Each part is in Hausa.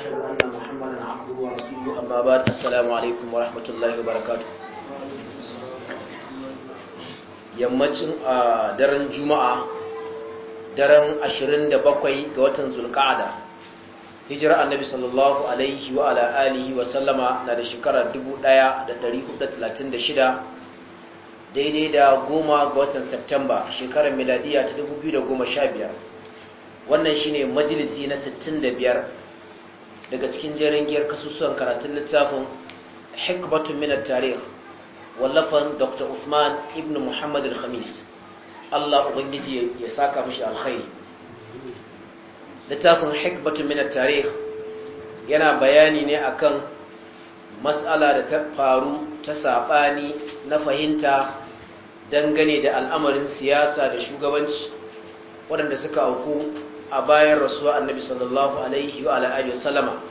وأشهد أن محمدا عبده ورسوله أما بعد السلام عليكم ورحمة الله وبركاته yammacin a daren juma'a daren 27 ga watan zulka'ada hijira annabi sallallahu alaihi wa ala alihi wa sallama na da shekara 1436 daidai da goma ga watan septemba shekarar miladiya ta 2015 wannan shine majalisi na 65 daga cikin jerin giyar kasusuwan karatun littafin hikmatun minar tarih wallafan dr usman ibn muhammad al-khamis allah ubangiji ya saka mashi alkhairi littafin hikmatun minar tarih yana bayani ne akan matsala da ta faru ta saɓani na fahimta dangane da al'amarin siyasa da shugabanci waɗanda suka auku a bayan rasuwa annabi sallallahu alaihi wa alihi salama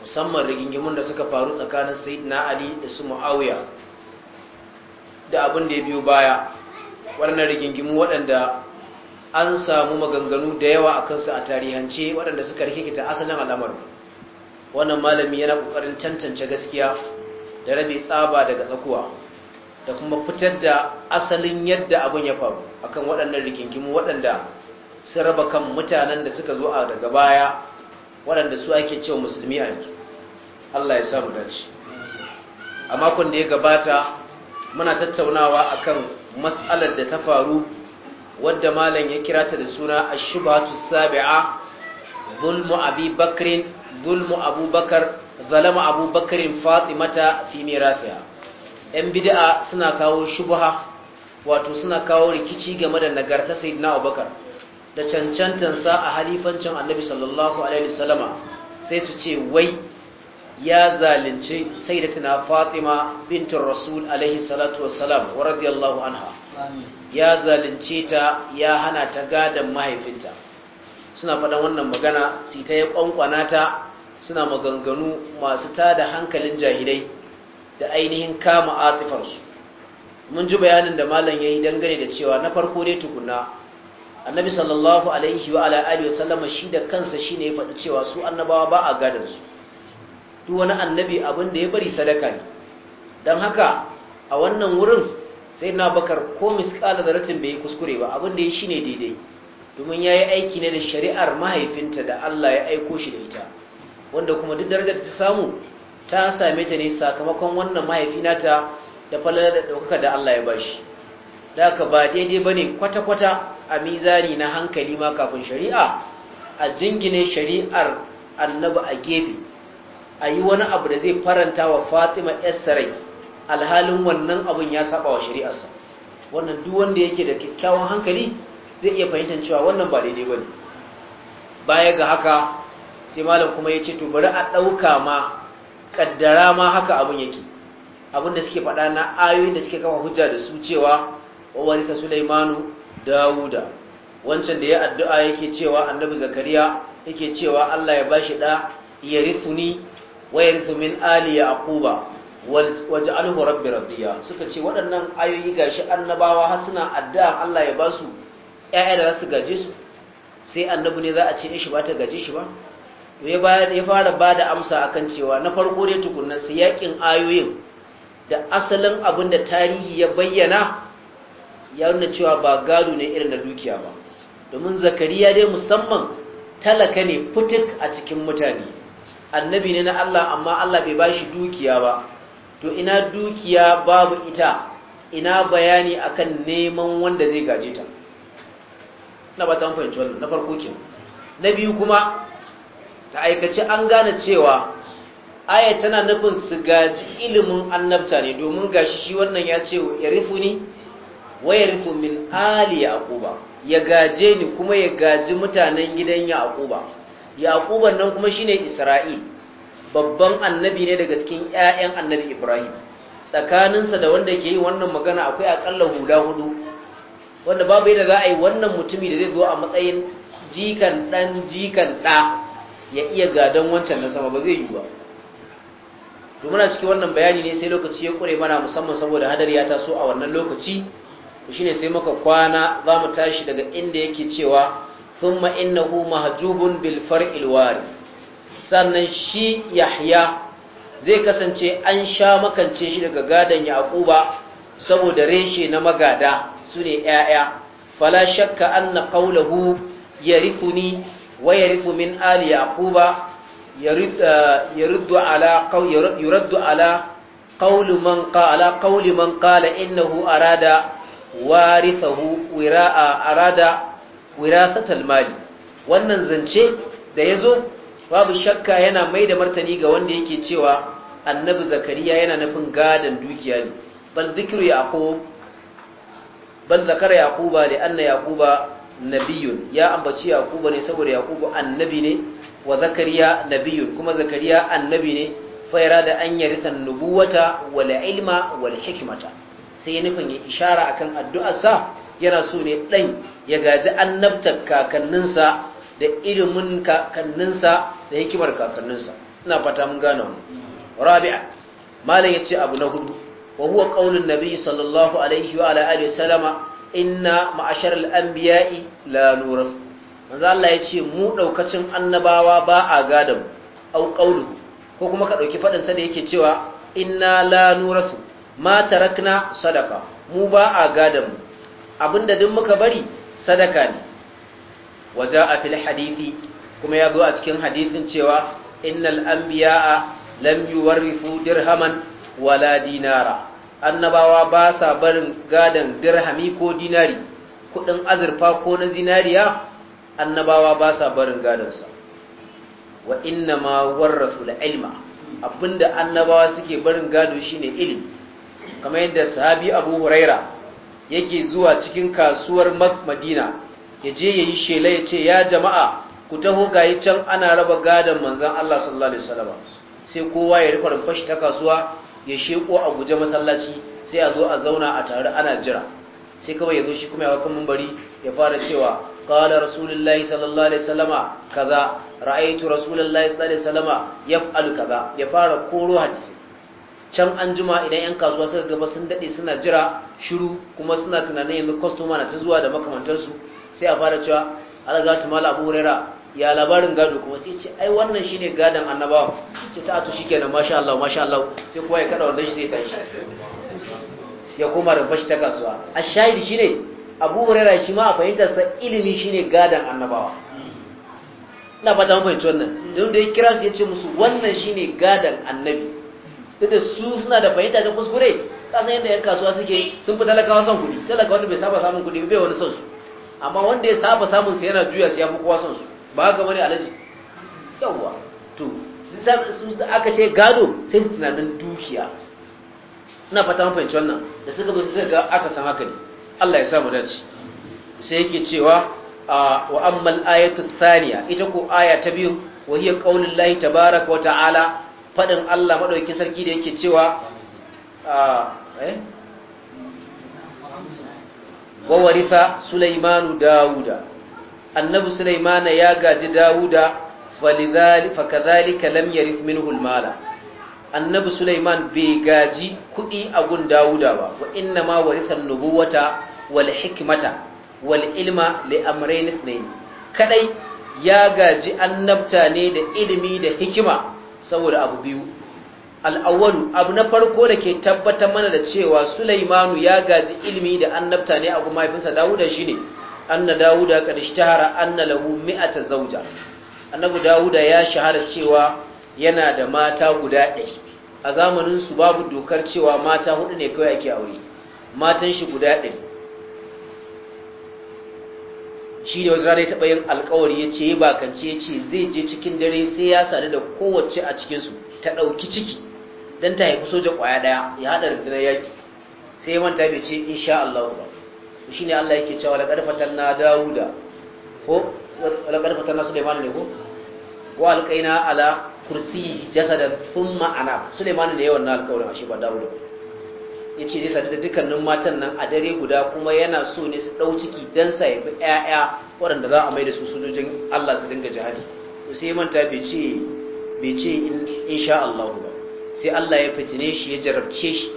musamman rigingimun da suka faru tsakanin na ali da su ma'auya da abin da ya biyo baya waɗannan rigingimu waɗanda an samu maganganu da yawa a kansu a tarihance waɗanda suka rikikita asalin al'amar wannan malami yana ƙoƙarin tantance gaskiya da rabe tsaba daga tsakuwa da kuma fitar da asalin yadda abin ya faru akan waɗannan rigingimu waɗanda sun raba kan mutanen da suka zo a daga baya waɗanda su ake cewa musulmi a yanzu Allah ya samu dace a makon da ya gabata muna tattaunawa akan matsalar da ta faru wadda malam ya kira ta da suna ashubhatu sabi'a zulmu abi bakrin zulmu abubakar zalama abubakarin fatimata fi mirafiya yan bid'a suna kawo shubha wato suna kawo rikici game da nagarta sayyidina abubakar da cancantansa a halifancin annabi sallallahu alaihi wasallama sai su ce wai ya zalunci sayyidatina fatima bintin rasul alaihi salatu wassalam wa radiyallahu anha ya zalunce ta ya hana ta gadon mahaifinta suna faɗan wannan magana su ta ya ƙwanƙwana ta suna maganganu masu tada hankalin jahilai da ainihin kama atifarsu mun ji bayanin da malam ya yi dangane da cewa na farko dai tukuna annabi sallallahu alaihi wa ala alihi wasallama shi da kansa shine ya faɗi cewa su annabawa ba a gadon su duk wani annabi abin da ya bari sadaka ne don haka a wannan wurin sai na bakar ko miskala da ratin bai kuskure ba abin da ya shine daidai domin ya yi aiki ne da shari'ar mahaifinta da Allah ya aiko shi da ita wanda kuma duk darajar ta samu ta same ta ne sakamakon wannan mahaifina ta da falala da ɗaukaka da Allah ya bashi da ka ba daidai ba ne kwata-kwata a mizani na hankali ma kafin shari'a a jingine shari'ar annabi a gefe a yi wani abu da zai faranta wa fatima yasarai alhalin wannan abun ya saba wa shari'arsa wannan duk wanda yake da kyakkyawan hankali zai iya fahimtar cewa wannan ba daidai ba ne baya ga haka sai malam kuma ya ce to bari a ɗauka ma ƙaddara ma haka abin yake abin da suke faɗa na ayoyin da suke kama hujja da su cewa wa warisa sulaimanu dawuda wancan da ya addu'a yake cewa annabi zakariya yake cewa Allah ya bashi da ya rithuni wa ya rithu min ali yaquba waj'alhu rabbi radiya suka ce waɗannan ayoyi gashi annabawa har suna addu'a Allah ya basu ƴaƴa da su gaje su sai annabi ne za a ce shi ba ta gaje shi ba ya ya fara bada amsa akan cewa na farko ne tukunna sai yakin ayoyin da asalin abin da tarihi ya bayyana ya nuna cewa ba gado ne irin na dukiya ba domin zakariya dai musamman talaka ne fitik a cikin mutane annabi ne na Allah amma Allah bai bashi dukiya ba to ina dukiya babu ita ina bayani akan neman wanda zai gaje ta na ba ta fahimci wannan na farko kenan na biyu kuma ta aikace an gane cewa aya tana nufin su gaji ilimin annabta ne domin gashi shi wannan ya ce ya ni. wayarisu min ali yaquba ya gaje ni kuma ya gaji mutanen gidan yaquba yaquba nan kuma shine isra'il babban annabi ne daga cikin ƴaƴan annabi ibrahim tsakaninsa da wanda ke yi wannan magana akwai akalla hula hudu wanda babu yadda za a yi wannan mutumi da zai zo a matsayin jikan dan jikan da ya iya gadon wancan na sama ba zai yi ba domin a cikin wannan bayani ne sai lokaci ya kure mana musamman saboda hadari ya taso a wannan lokaci shine sai muka kwana za mu tashi daga inda yake cewa thumma innahu mahjubun bil far'il wari sannan shi yahya zai kasance an sha makance shi daga gadon yaquba saboda reshe na magada sune yaya fala shakka anna qawluhu yarithuni wa yarithu min ali yaquba uh, yuraddu ala ala qawli innahu arada warithahu wira'a arada wirasatal mali wannan zance da yazo babu shakka yana mai da martani ga wanda yake cewa annabi zakariya yana nufin gadan dukiya ne bal zikru yaqub bal zakara yaquba li anna yaquba nabiyun ya ambaci yaquba ne saboda yaqubu annabi ne wa zakariya nabiyun kuma zakariya annabi ne fa da an yarisa nubuwata wal ilma wal hikmata sai ya nufin ya ishara akan addu'arsa yana so ne ɗan ya gaji annabtar kakanninsa da ilimin kakanninsa da hikimar kakanninsa ina fata mun gane mu rabi'a malam ya ce abu na hudu wa huwa qaulun nabi sallallahu alaihi wa alihi wasallama inna ma'ashar al-anbiya'i la nuras!" manzo Allah ya ce mu daukacin annabawa ba a gadan au qauluhu ko kuma ka ɗauki fadin sa da yake cewa inna la nurasu ma tarakna sadaka mu ba a gadan mu abinda duk muka bari sadaka ne waje a fil hadisi kuma ya zo a cikin hadisin cewa innal anbiya'a lam yuwarrifu dirhaman wala dinara annabawa ba sa barin gadan dirhami ko dinari kudin azurfa ko na zinariya annabawa ba sa barin sa wa inna ma warrasu ilma abinda annabawa suke barin gado shine ilimi kamar yadda sahabi abu huraira yake zuwa cikin kasuwar madina ya je ya yi shela ya ce ya jama'a ku taho gayi can ana raba gadon manzan allah sallallahu alaihi wasallam sai kowa ya rufe rumfashi ta kasuwa ya sheko a guje masallaci sai a zo a zauna a tare ana jira sai kawai ya zo shi kuma ya hakan mumbari ya fara cewa qala rasulullahi sallallahu alaihi wasallama kaza ra'aytu rasulullahi sallallahu alaihi wasallama yaf'alu kaza ya fara koro hadisi can an juma idan 'yan kasuwa suka gaba sun daɗe suna jira shiru kuma suna tunanin yanzu kwastoma na ta zuwa da makamantarsu sai a fara cewa alagatu mala abu rera ya labarin gado kuma sai ce ai wannan shine gadon annabawa ce ta ato shi kenan masha Allah masha Allah sai kowa ya kada wannan shi zai tashi ya koma da shi ta kasuwa a shahidi shine abu rera shi ma a fahimtarsa ilimi shine gadon annabawa na fata mun fahimci wannan don da ya kira su ya ce musu wannan shine gadon annabi duk da su suna da fahimta da kuskure kasan yadda yan kasuwa suke sun fi talakawa son kuɗi talaka wanda bai saba samun kudi bai wani son su amma wanda ya saba samun sa yana juya su ya fi kowa son su ba haka bane alaji yawwa to sun aka ce gado sai su tunanin dukiya ina fata mun fahimci wannan da suka zo suka ga aka san haka ne Allah ya samu dace sai yake cewa wa ammal ayatu thaniya ita ko aya ta biyu wa hiya qaulullahi tabaaraka wa ta'ala faɗin Allah maɗauki sarki da yake cewa ah, eh? wawarisa sulaimanu dawuda annabi sulaimana ya gaji dawuda fakazalika lam yarith minhu almala annabi sulaiman bai gaji kuɗi a gun dawuda ba wa inna ma warisan nubuwata wal hikmata wal ilma li amrayn ithnayn kadai ya gaji annabta ne da ilimi da hikima saboda abu biyu al'awwalu abu na farko da ke tabbatar mana da cewa sulaimanu ya gaji ilimi da annabta ne abu mahaifinsa dawuda shi ne anna dawuda kada shi tahara anna lahu mi'ata zauja annabi dawuda ya shahara cewa yana da mata guda ɗaya. a zamaninsu babu dokar cewa mata hudu ne kawai ake aure matan shi guda ɗaya. shi ne wata rana ya taɓa yin alkawari ya ce ya bakance ya ce zai je cikin dare sai ya sadu da kowace a cikinsu ta ɗauki ciki don ta haifi soja ƙwaya ɗaya ya haɗa dare yaƙi sai ya manta bai ce sha Allah ba shi ne Allah yake cewa laƙar na Dawuda ko laƙar na Suleiman ne ko wa alƙaina ala kursi jasadan thumma anab Suleiman ne yawan na alƙawarin ashe ba Dawuda ba ya ce zai da dukkanin matan nan a dare guda kuma yana so ne su ɗau ciki don sa ya bi ƴaƴa waɗanda za a mai da su sojojin Allah su dinga jihadi to sai manta bai ce bai ce insha Allah ba sai Allah ya fitine shi ya jarabce shi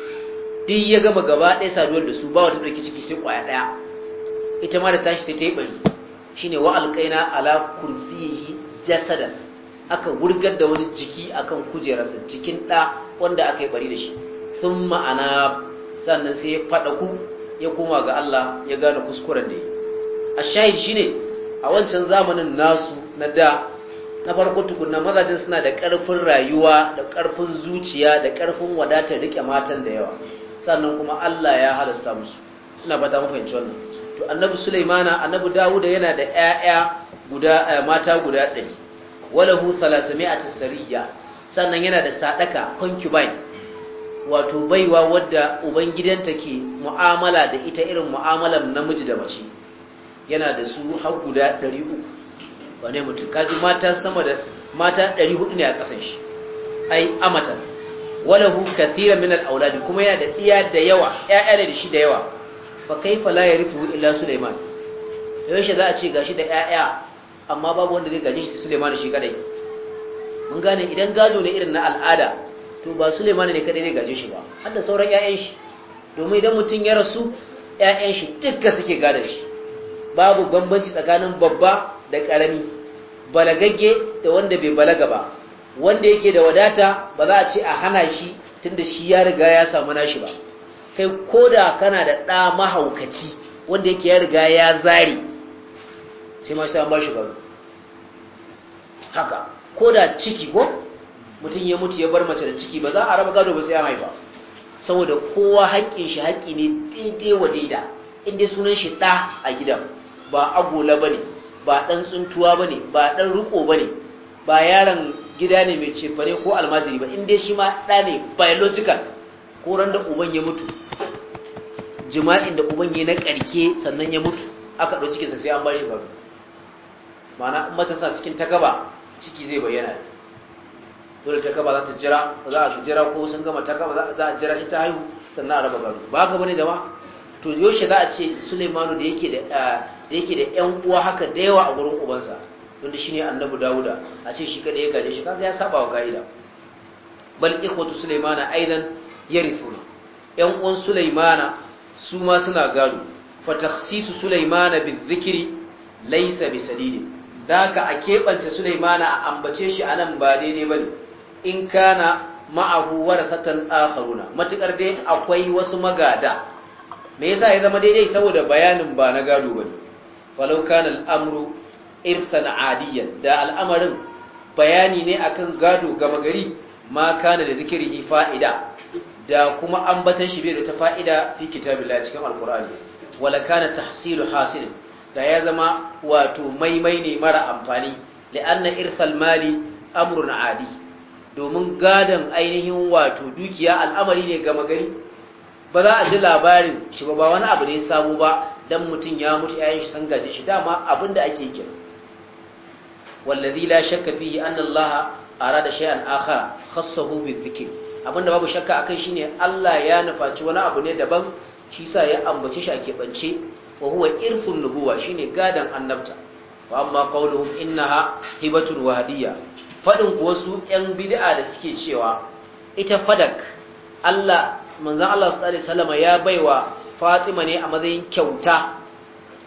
duk ya gama gaba ɗaya saduwar da su ba wata ɗauki ciki sai ƙwaya ɗaya ita ma da tashi sai ta yi ɓari shine wa alƙaina ala kursiyi jasadan aka wurgar da wani jiki akan kujerarsa jikin ɗa wanda aka yi ɓari da shi sun ma'ana sannan sai ya ku ya koma ga Allah ya gane kuskuren da yi a shahid shine a wancan zamanin nasu na da na farko tukunna mazajen suna da ƙarfin rayuwa da ƙarfin zuciya da ƙarfin wadatar rike matan da yawa sannan kuma Allah ya halasta musu ina fata mu fahimci wannan to annabi sulaimana annabi dawuda yana da ƴaƴa guda eh, mata guda ɗari walahu 300 sariya sannan yana da sadaka concubine wato baiwa wadda ubangidanta ke mu'amala da ita irin mu'amalan namiji da mace yana da su har guda 300 wane mutum kaji mata sama da mata 400 ne a kasan shi ai amata hu kathira min al-auladi kuma yana da iya da yawa ƴaƴa da shi da yawa fa kaifa la yarifu illa sulaiman yaushe za a ce gashi da ƴaƴa amma babu wanda zai gaji shi sulaiman shi kadai mun gane idan gado ne irin na al'ada to ba Suleiman ne kadai zai gaje shi ba har da sauran ƴaƴan shi domin idan mutum ya rasu ƴaƴan shi dukka suke gadon shi babu bambanci tsakanin babba da karami balagagge da wanda bai balaga ba wanda yake da wadata ba za a ce a hana shi tunda shi ya riga ya samu nashi ba kai koda kana da ɗa mahaukaci wanda yake ya riga ya zari sai ma shi ta ba shi gado haka koda ciki ko mutum ya mutu ya bar mace da ciki ba za a raba gado ba sai an haifa saboda kowa haƙƙin shi haƙƙi ne daidai wa daida inda sunan shi ɗa a gidan ba agola ba ne ba ɗan tsuntuwa ba ne ba ɗan riko ba ne ba yaron gida ne mai cefane ko almajiri ba inda shi ma ɗa ne biological ko ran da uban ya mutu jima'in da uban ya na ƙarke sannan ya mutu aka ɗau cikinsa sai an ba shi Ba ma'ana matasa cikin ta gaba ciki zai bayyana dole ta kaba za ta jira ba za a jira ko sun gama ta kaba za a jira shi ta haihu sannan a raba gado ba ka bane jama to yaushe za a ce Suleimanu da yake da eh, 'yan uwa haka da yawa a gurin ubansa wanda shine Annabi Dawuda a ce shi kada ya gaje shi kaga ya saba wa kaida bal ikhwatu suleimana aidan yarithuna 'Yan uwan Suleimana, su ma suna gado fa takhsisu Sulaimana bizikri laysa bisadidin da ka a keɓance Sulaimana a ambace shi anan ba daidai ne. in kana ma'ahu warasatan akharuna matukar dai akwai wasu magada me yasa ya zama daidai saboda bayanin ba na gado bane falau kana al'amru irsan adiyan da al'amarin bayani ne akan gado gama gari ma kana da zikirhi fa'ida da kuma ambatan shi bai da ta fa'ida fi kitabillahi cikin alqur'ani wala kana tahsilu hasil da ya zama wato maimai ne mara amfani li'anna irsal mali amrun adi domin gadon ainihin wato dukiya al'amari ne gama gari ba za a ji labarin shi ba wani abu ne sabo ba dan mutum ya mutu yayin shi san gaje shi dama abin da ake kira wallazi la shakka fihi anna Allah arada shay'an akhar khassahu bi dhikr abinda babu shakka akai shine Allah ya nufaci wani abu ne daban shi sa ya ambace shi a bance. wa huwa irsun nubuwa shine gadan annabta wa amma qawluhum innaha hibatun wa hadiyya Fadin kuwa su ‘yan bid'a da suke cewa ita fadak Allah manzan Allah su ɗari salama ya baiwa fatima ne a matsayin kyauta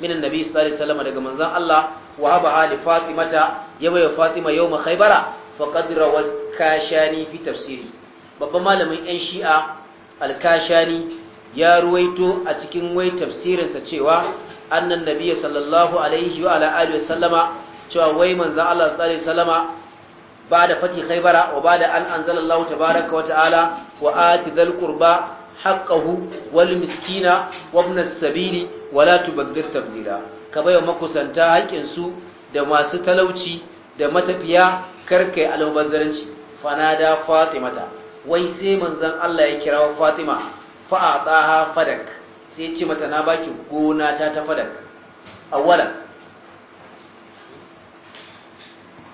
minan nabi su ɗari salama daga manzan Allah wa haɓa hali fatimata ya baiwa fatima yau makhaibara faƙadira wa kashani fi tafsiri babban malamin ‘yan shi'a alkashani ya ruwaito a cikin wai tafsirinsa cewa annan Nabi sallallahu alaihi wa alihi wa sallama cewa wai manzan Allah sallallahu alaihi wa sallama wa فتح خيبر وبعد أن أنزل الله تبارك وتعالى وآت ذا القربى حقه والمسكين وابن السبيل ولا تبذر تبذيرا كما يوم كسنتا su da masu talauci da matafiya kar karkai almubazzaranci fanada fatimata wai sai manzon Allah ya kira Fatima fa'ataha fadak sai ya ce mata na baki gona ta ta fadak awwala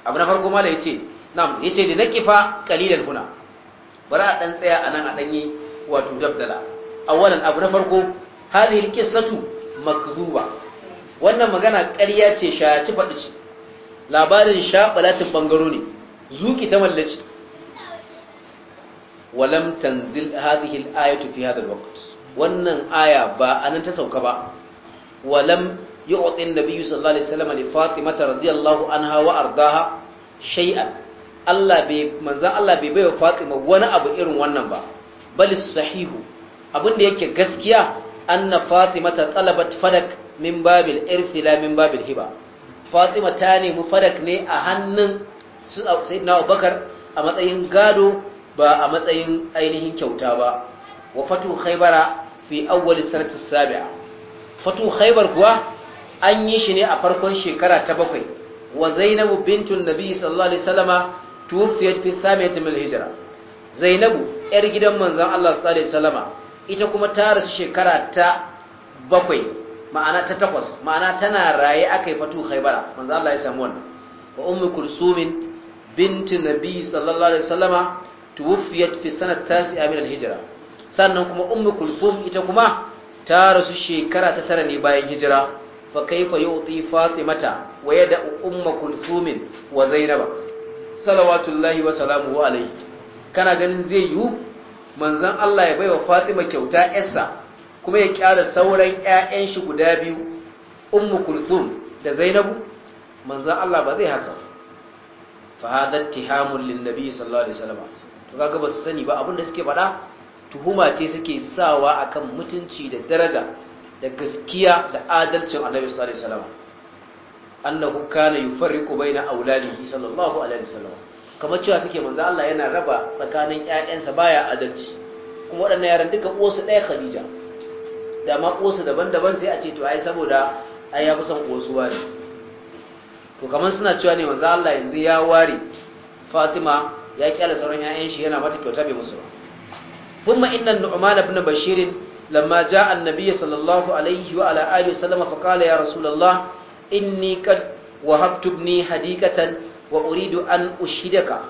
abu na farko mala ya ce na'am yace da fa qalilan huna bara dan tsaya anan a danyi wato dabdala awalan abu na farko hadhihi alqissatu makdhuba wannan magana ƙarya ce shayaci faɗi ce labarin shaɓalatin bangaro ne zuki ta mallaci walam tanzil hadhihi al fi hadha al wannan aya ba anan ta sauka ba walam yu'ti an-nabiy sallallahu alaihi wasallam li fatimata radiyallahu anha wa ardaha shay'an Allah bai manzan Allah bai baiwa Fatima wani abu irin wannan ba bal sahihu abin da yake gaskiya anna Fatima ta talabat fadak min babil irthi la min babil hiba Fatima ta nemi fadak ne a hannun Sayyidina Abubakar a matsayin gado ba a matsayin ainihin kyauta ba wa fatu khaybara fi awwal sanati sabi'a fatu khaybar kuwa an yi shi ne a farkon shekara ta bakwai wa Zainabu bintun Nabi sallallahu alaihi wasallama tuwfiyat fi thamiyati min hijra zainabu yar gidan manzon Allah sallallahu alaihi wasallama ita kuma ta rasu shekara ta bakwai ma'ana ta takwas ma'ana tana raye akai fatu khaybara manzon Allah ya samu wannan wa ummu kulsumin bint nabi sallallahu alaihi wasallama tuwfiyat fi sanat tasi'a min al-hijra sannan kuma ummu kulsum ita kuma ta rasu shekara ta tara ne bayan hijira fa kaifa yu'ti fatimata wa yada ummu kulsumin wa zainaba salawatullahi wa salamu wa alaihi kana ganin zai yiwu manzon Allah ya bai wa Fatima kyauta yarsa kuma ya kyara sauran ƴaƴan shi guda biyu Ummu Kulthum da Zainabu manzan Allah ba zai haka fa hada ittihamun lin nabi sallallahu alaihi wasallam to kaga ba su sani ba abinda suke faɗa tuhuma ce suke sawa akan mutunci da daraja da gaskiya da adalcin Annabi sallallahu alaihi wasallam annahu kana yufarriqu baina auladihi sallallahu alaihi wasallam kamar cewa suke manzo Allah yana raba tsakanin ƴaƴansa baya adalci kuma waɗannan yaran duka uwarsu ɗaya Khadija da ma uwarsu daban-daban sai a ce to ai saboda ai ya kusan uwarsu ware to kamar suna cewa ne manzo Allah yanzu ya ware Fatima ya kyale sauran ƴaƴan shi yana mata kyauta bai musu ba thumma inna nu'man ibn bashir lamma ja'a an-nabiy sallallahu alaihi wa ala alihi wa sallama fa qala ya rasulullah inni qad wahabtu ibni hadikatan wa uridu an ushidaka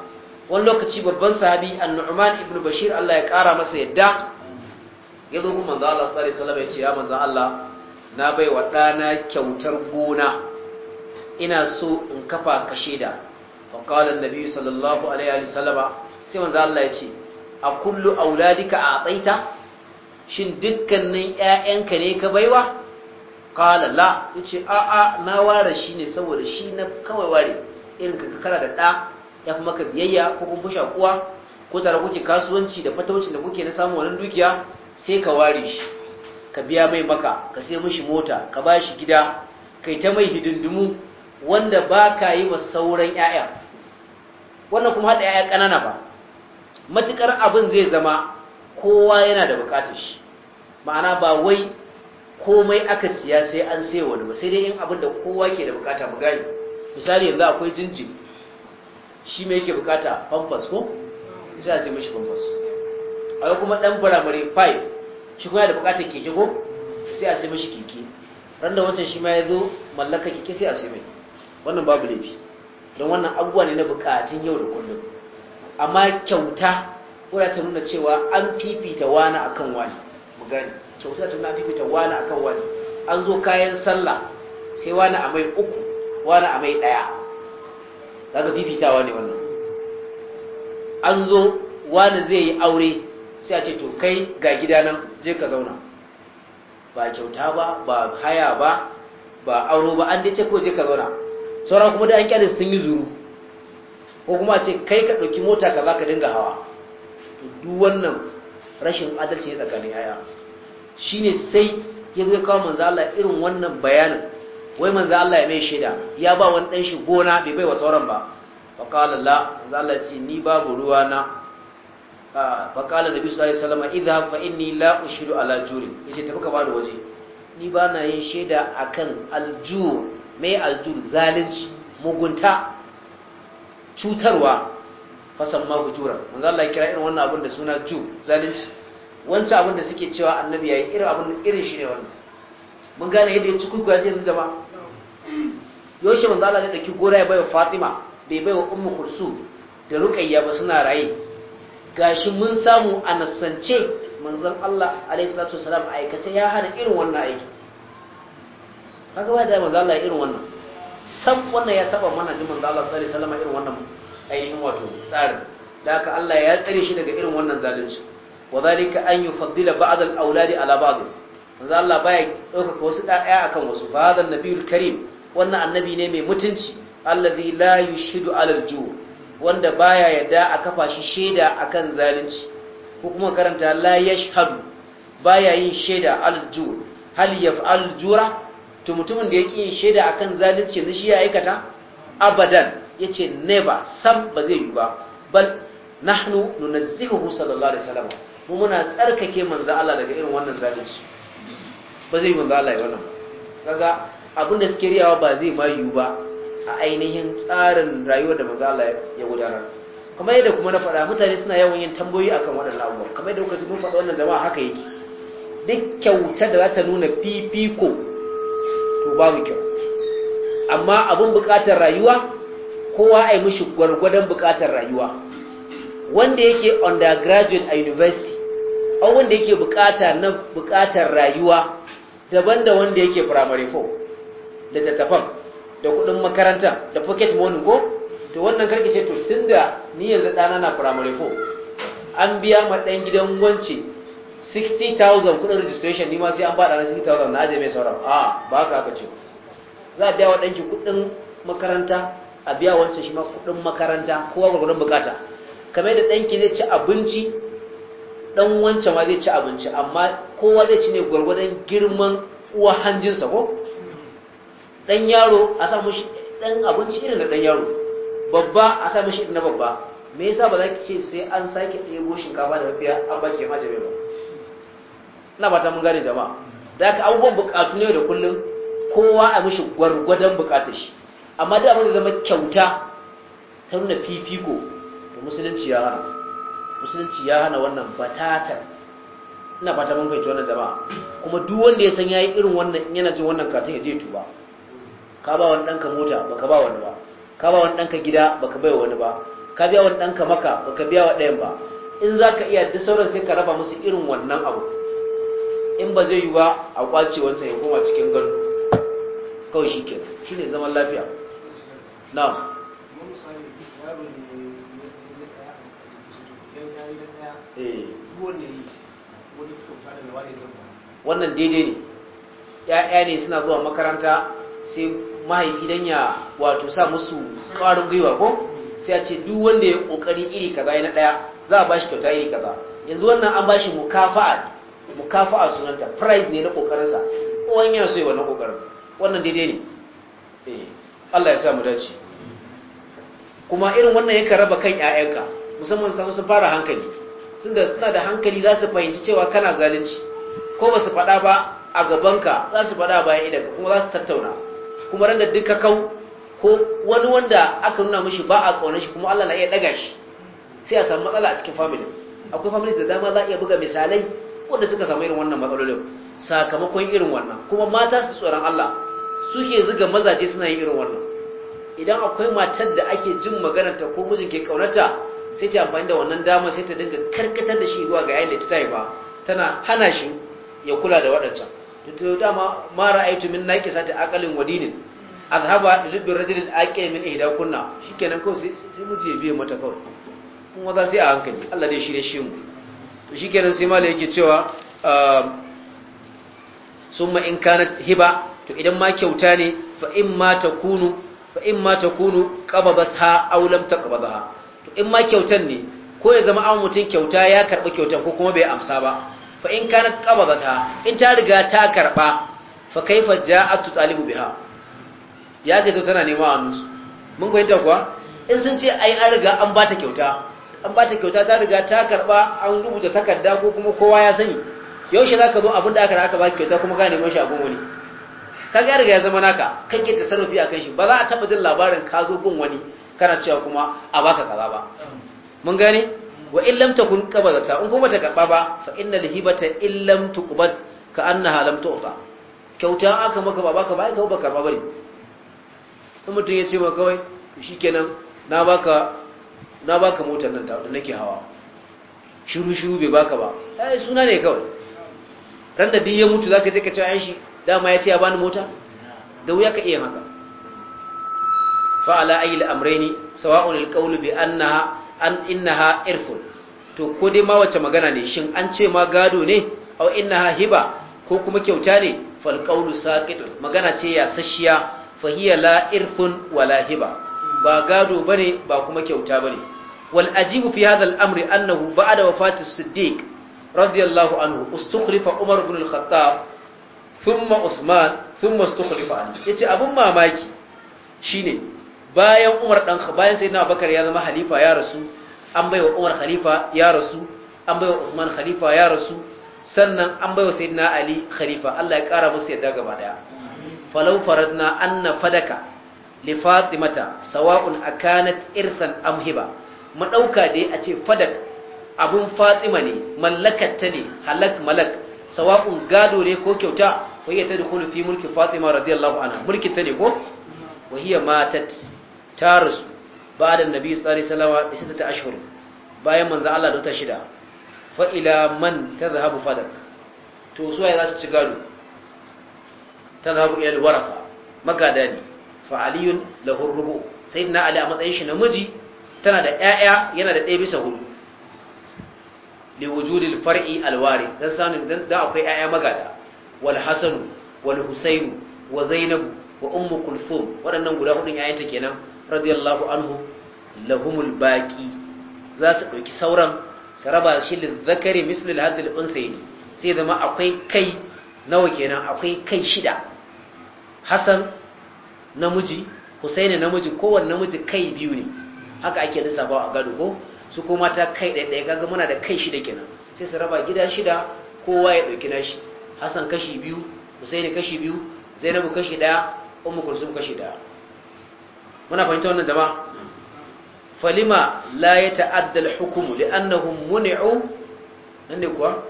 wani lokaci babban sahabi an-nu'man ibn bashir Allah ya kara masa yadda ya kuma manzo Allah sallallahu alaihi wasallam ya ce ya manzo Allah na baiwa dana kyautar gona ina so in kafa kashida fa qala an sallallahu alaihi sai manzo Allah ya ce a kullu auladika a tsaita shin dukkanin 'ya'yanka ne ka baiwa qala la yace a a na ware shi ne saboda shi na kawai ware irin ka kara da da ya fi maka biyayya ko kun fusha kuwa ko tare kuke kasuwanci da fataucin da kuke na samun wannan dukiya sai ka ware shi ka biya mai maka ka sai mishi mota ka ba shi gida kai ta mai hidindimu wanda ba ka yi wa sauran 'ya'ya wannan kuma haɗa 'ya'ya ƙanana ba matuƙar abin zai zama kowa yana da buƙatar shi ma'ana ba wai komai aka siya sai an sai wani ba sai dai in abin da kowa ke da bukata mu gani misali yanzu akwai jinjin shi mai yake bukata pampas ko sai a sai mashi pampas a kuma dan firamare 5 shi kuma da bukata keke ko sai a sai mashi keke ran da wancan shi ma ya zo mallaka keke sai a sai mai wannan babu laifi don wannan abubuwa ne na bukatun yau da kullum amma kyauta wadda ta nuna cewa an fifita wani akan wani mu gani kyauta ta na fifita wani akan wani an zo kayan sallah sai wani a mai uku wani a mai ɗaya daga fifita wani wannan an zo wani zai yi aure sai a ce to kai ga gida nan je ka zauna ba kyauta ba ba haya ba ba auro ba an dace ko je ka zauna sauran kuma da an kyale sun yi zuru ko kuma a ce kai ka ɗauki mota ka za ka dinga hawa to duk wannan rashin adalci ne tsakanin yaya Shi ne sai ya zai kawo manzo Allah irin wannan bayanin wai manzo Allah ya mai shaida ya ba wani dan shi gona bai bai wa sauran ba fa qala la manzo Allah ce ni babu ruwa na fa qala nabi sallallahu alaihi wasallam idha fa inni la ushidu ala juri yace tafi ka bani waje ni ba na yin shaida akan aljur mai aljur zalunci mugunta cutarwa fasan hujura manzo Allah ya kira irin wannan abin da suna ju zalunci wancan abin da suke cewa annabi yayi irin abin irin shi ne wannan mun gane yadda ya ci ya sai yanzu jama'a yaushe manzo Allah ne daki gora ya bayo Fatima bai bayo Ummu Kulsum da Ruqayya ba suna raye gashi mun samu a nasance manzon Allah alayhi salatu wasalam aikace ya hana irin wannan aiki kaga ba da manzo Allah irin wannan san wannan ya saba mana ji manzo Allah sallallahu alaihi wasallam irin wannan ainihin wato tsarin da haka Allah ya tsare shi daga irin wannan zalunci Wazalika zalika an yufaddila ba'd al-auladi ala ba'd Allah baya ɗaukaka wasu ɗaya akan wasu fa hadha nabiyul karim wannan annabi ne mai mutunci allazi la shidu alal ju wanda baya yadda a kafa shi sheda akan zalunci ko kuma karanta la yashhadu baya yin shaida alal ju hal yaf'al jura to mutumin da ya yake yin shaida akan zalunci yanzu shi ya aikata abadan yace never sam ba zai yi ba bal nahnu nunazzihu sallallahu alaihi wasallam mu muna tsarkake manzo Allah daga irin wannan zalunci ba zai manzo Allah ya wannan kaga abin da suke riyawa ba zai ma yiwu ba a ainihin tsarin rayuwa da manzo Allah ya gudanar kamar yadda kuma na faɗa mutane suna yawan yin tambayoyi akan waɗannan abubuwa kamar yadda kuka ji mun faɗa wannan jama'a haka yake duk kyauta da za ta nuna fifiko to babu kyau amma abin buƙatar rayuwa kowa a yi mishi gwargwadon buƙatar rayuwa wanda yake undergraduate a university a wanda yake bukata na bukatar rayuwa daban da wanda yake primary 4 da tattafan da kudin makaranta da pocket money ko to wannan karki ce to tunda ni yanzu dana na primary 4 an biya ma dan gidan wance 60,000 kudin registration ni ma sai an ba dana 60,000 na aje mai sauran a ba haka aka ce za a biya wa danki kudin makaranta a biya wancan shi ma kudin makaranta kowa gurgurun bukata kamar da ɗanki zai ci abinci ɗan wancan ma zai ci abinci amma kowa zai ci ne gwargwadon girman uwa hanjinsa ko ɗan yaro a sa mushi ɗan abinci irin da ɗan yaro babba a sa mushi na babba me yasa ba za ki ce sai an sake ɗebo shinkafa da mafiya an ba ki ma jami'a ba na ba ta mun gane jama'a da aka abubuwan bukatu ne da kullum kowa a mushi gwargwadon bukatar shi amma da abin da zama kyauta ta nuna fifiko to musulunci ya hana musulunci ya hana wannan batatar ina fata mun fahimci wannan jama'a kuma duk wanda ya san yayi irin wannan yana jin wannan katin ya je tuba ka ba wani danka mota baka ba wani ba ka ba wani danka gida baka bai wani ba ka biya wani danka maka baka biya wa ɗayan ba in zaka iya duk sauran sai ka raba musu irin wannan abu in ba zai yi ba a kwace wancan ya koma cikin gano kawai shi ke shi ne zaman lafiya na'am Eh. wannan daidai ne ya'ya ne suna zuwa makaranta sai mahaifi don ya wato sa musu ƙwarin gwiwa ko sai a ce duk wanda ya kokari iri kaza yana daya za a bashi kyauta iri kaza yanzu wannan an bashi mukafa'a mukafa'a sunanta price ne na kokarin sa kowan yana so yi wannan kokarin wannan daidai ne eh. Allah ya sa mu dace kuma irin wannan yake raba kan ƴaƴanka musamman sai sun fara hankali tunda suna da hankali za su fahimci cewa kana zalunci ko ba su faɗa ba a gabanka za su faɗa bayan idanka kuma za su tattauna kuma ran da duka kau ko wani wanda aka nuna mishi ba a ƙaunar shi kuma Allah na iya ɗaga shi sai a samu matsala a cikin family akwai family da dama za a iya buga misalai wanda suka samu irin wannan matsalolin sakamakon irin wannan kuma mata su tsoron Allah su ke zuga mazaje suna yin irin wannan idan akwai matar da ake jin maganarta ko mijin ke ƙaunarta sai ta amfani da wannan dama sai ta dinga karkatar da shi zuwa ga yayin da ta taifa tana hana shi ya kula da waɗancan to dama ma ra'aytu min naqisati aqalin wadinin azhaba lilbi rajul alaqi min ihda kunna shikenan ko sai muji biye mata kawai kuma za sai a hankali Allah dai shirye shi mu to shikenan sai mala yake cewa um, summa in kanat hiba to idan ma kyauta ne fa in ma takunu fa in ma takunu qababatha aw lam taqbabaha in ma kyautan ne ko ya zama an mutum kyauta ya karɓi kyautan ko kuma bai amsa ba fa in kana ta, in ta riga ta karɓa fa kaifa ja'atu talibu biha ya ga tana nema a nusu mun yadda kuwa in sun ce ai an riga an bata kyauta an bata kyauta ta riga ta karba an rubuta takarda ko kuma kowa ya sani yaushe zaka zo abin da aka aka baki kyauta kuma ka neman shi a gun wani ka ga riga ya zama naka kake a akan shi ba za a taba jin labarin ka zo gun wani kana cewa kuma a baka kaza ba mun gane wa illam takun qabadata in kuma ta karba ba fa innal hibata illam lam tuqbad ka annaha lam tu'ta kyauta aka maka ba baka ba ka ba karba bane in mutum ya ce ma kawai shikenan na baka na baka motar nan da nake hawa shiru shiru bai baka ba ai suna ne kawai ran da duk ya mutu zaka je ka ce ai shi dama ya ce ya bani mota da wuya ka iya haka fa'ala ayyul amraini sawa'un alqawlu bi annaha an ha irfun to ko dai ma wace magana ne shin an ce ma gado ne aw ha hiba ko kuma kyauta ne fal qawlu magana ce ya sashiya fa la irfun wala hiba ba gado ne, ba kuma kyauta bane wal ajibu fi hadha al amri annahu da wafati siddiq radiyallahu anhu ustukhlifa umar ibn al khattab thumma uthman thumma ustukhlifa anhu yace abun mamaki shine bayan umar dan bayan sayyidina abubakar ya zama halifa ya rasu an baiwa umar khalifa ya rasu an baiwa usman khalifa ya rasu sannan an baiwa sayyidina ali khalifa Allah ya kara musu yadda gaba daya falau faradna anna fadaka li fatimata sawa'un akanat irsan am hiba madauka dai a ce fadak abun fatima ne mallakatta ne halak malak sawa'un gado ne ko kyauta wai ta dukulu fi mulki fatima radiyallahu anha mulki ta ne ko wahiya matat ta rasu ba da nabi tsari salawa isa ta ashirin bayan manzan Allah da ta shida fa'ila man ta zahabu fadak to ya za su ci gado ta zahabu ilal warafa magada ne fa'aliyun lahur rubu sai na ali a matsayin shi namiji tana da ‘ya'ya yana da ɗaya bisa hudu liwujudil far'i alwari don sanin don akwai ‘ya'ya magada wal hasanu wal husainu wa zainabu wa ummu kulthum waɗannan guda hudun ‘ya'yanta kenan radiyallahu anhu lahumul baqi za su dauki sauran su raba shi da zakari mislul hadil unsayi sai zama akwai kai nawa kenan akwai kai shida hasan namiji husaini namiji kowanne namiji kai biyu ne haka ake lissafa a gado ko su kuma ta kai ɗaiɗaya kaga muna da kai shida kenan sai su raba gida shida kowa ya ɗauki nashi hasan kashi biyu husaini kashi biyu zainabu kashi ɗaya ummu kulsum kashi ɗaya muna fahimta wannan jama'a falima la ya ta'adda al-hukmu li'annahum mun'u nan ne kuwa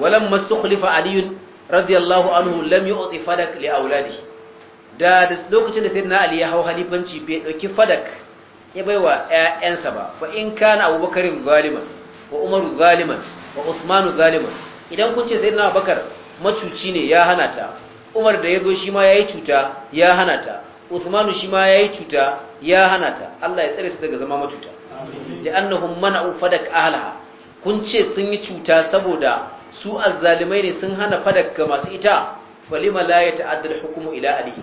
walam mastukhlifa ali radiyallahu anhu lam yu'ti fadak li auladi da lokacin da sayyidina ali ya hau halifanci bai dauki fadak ya baiwa ƴaƴansa ba fa in kana abubakarin zaliman wa umaru zaliman wa usmanu zaliman idan kun ce sayyidina abubakar macuci ne ya hana ta umar da ya zo shi ma ya yi cuta ya hana ta usmanu shi ma ya yi cuta ya hana ta allah ya tsare su daga zama macuta da annahum mana'u fadak ahlaha kun ce sun yi cuta saboda su azzalimai ne sun hana fadak ga masu ita falima la ya ta'addar hukumu ila alihi,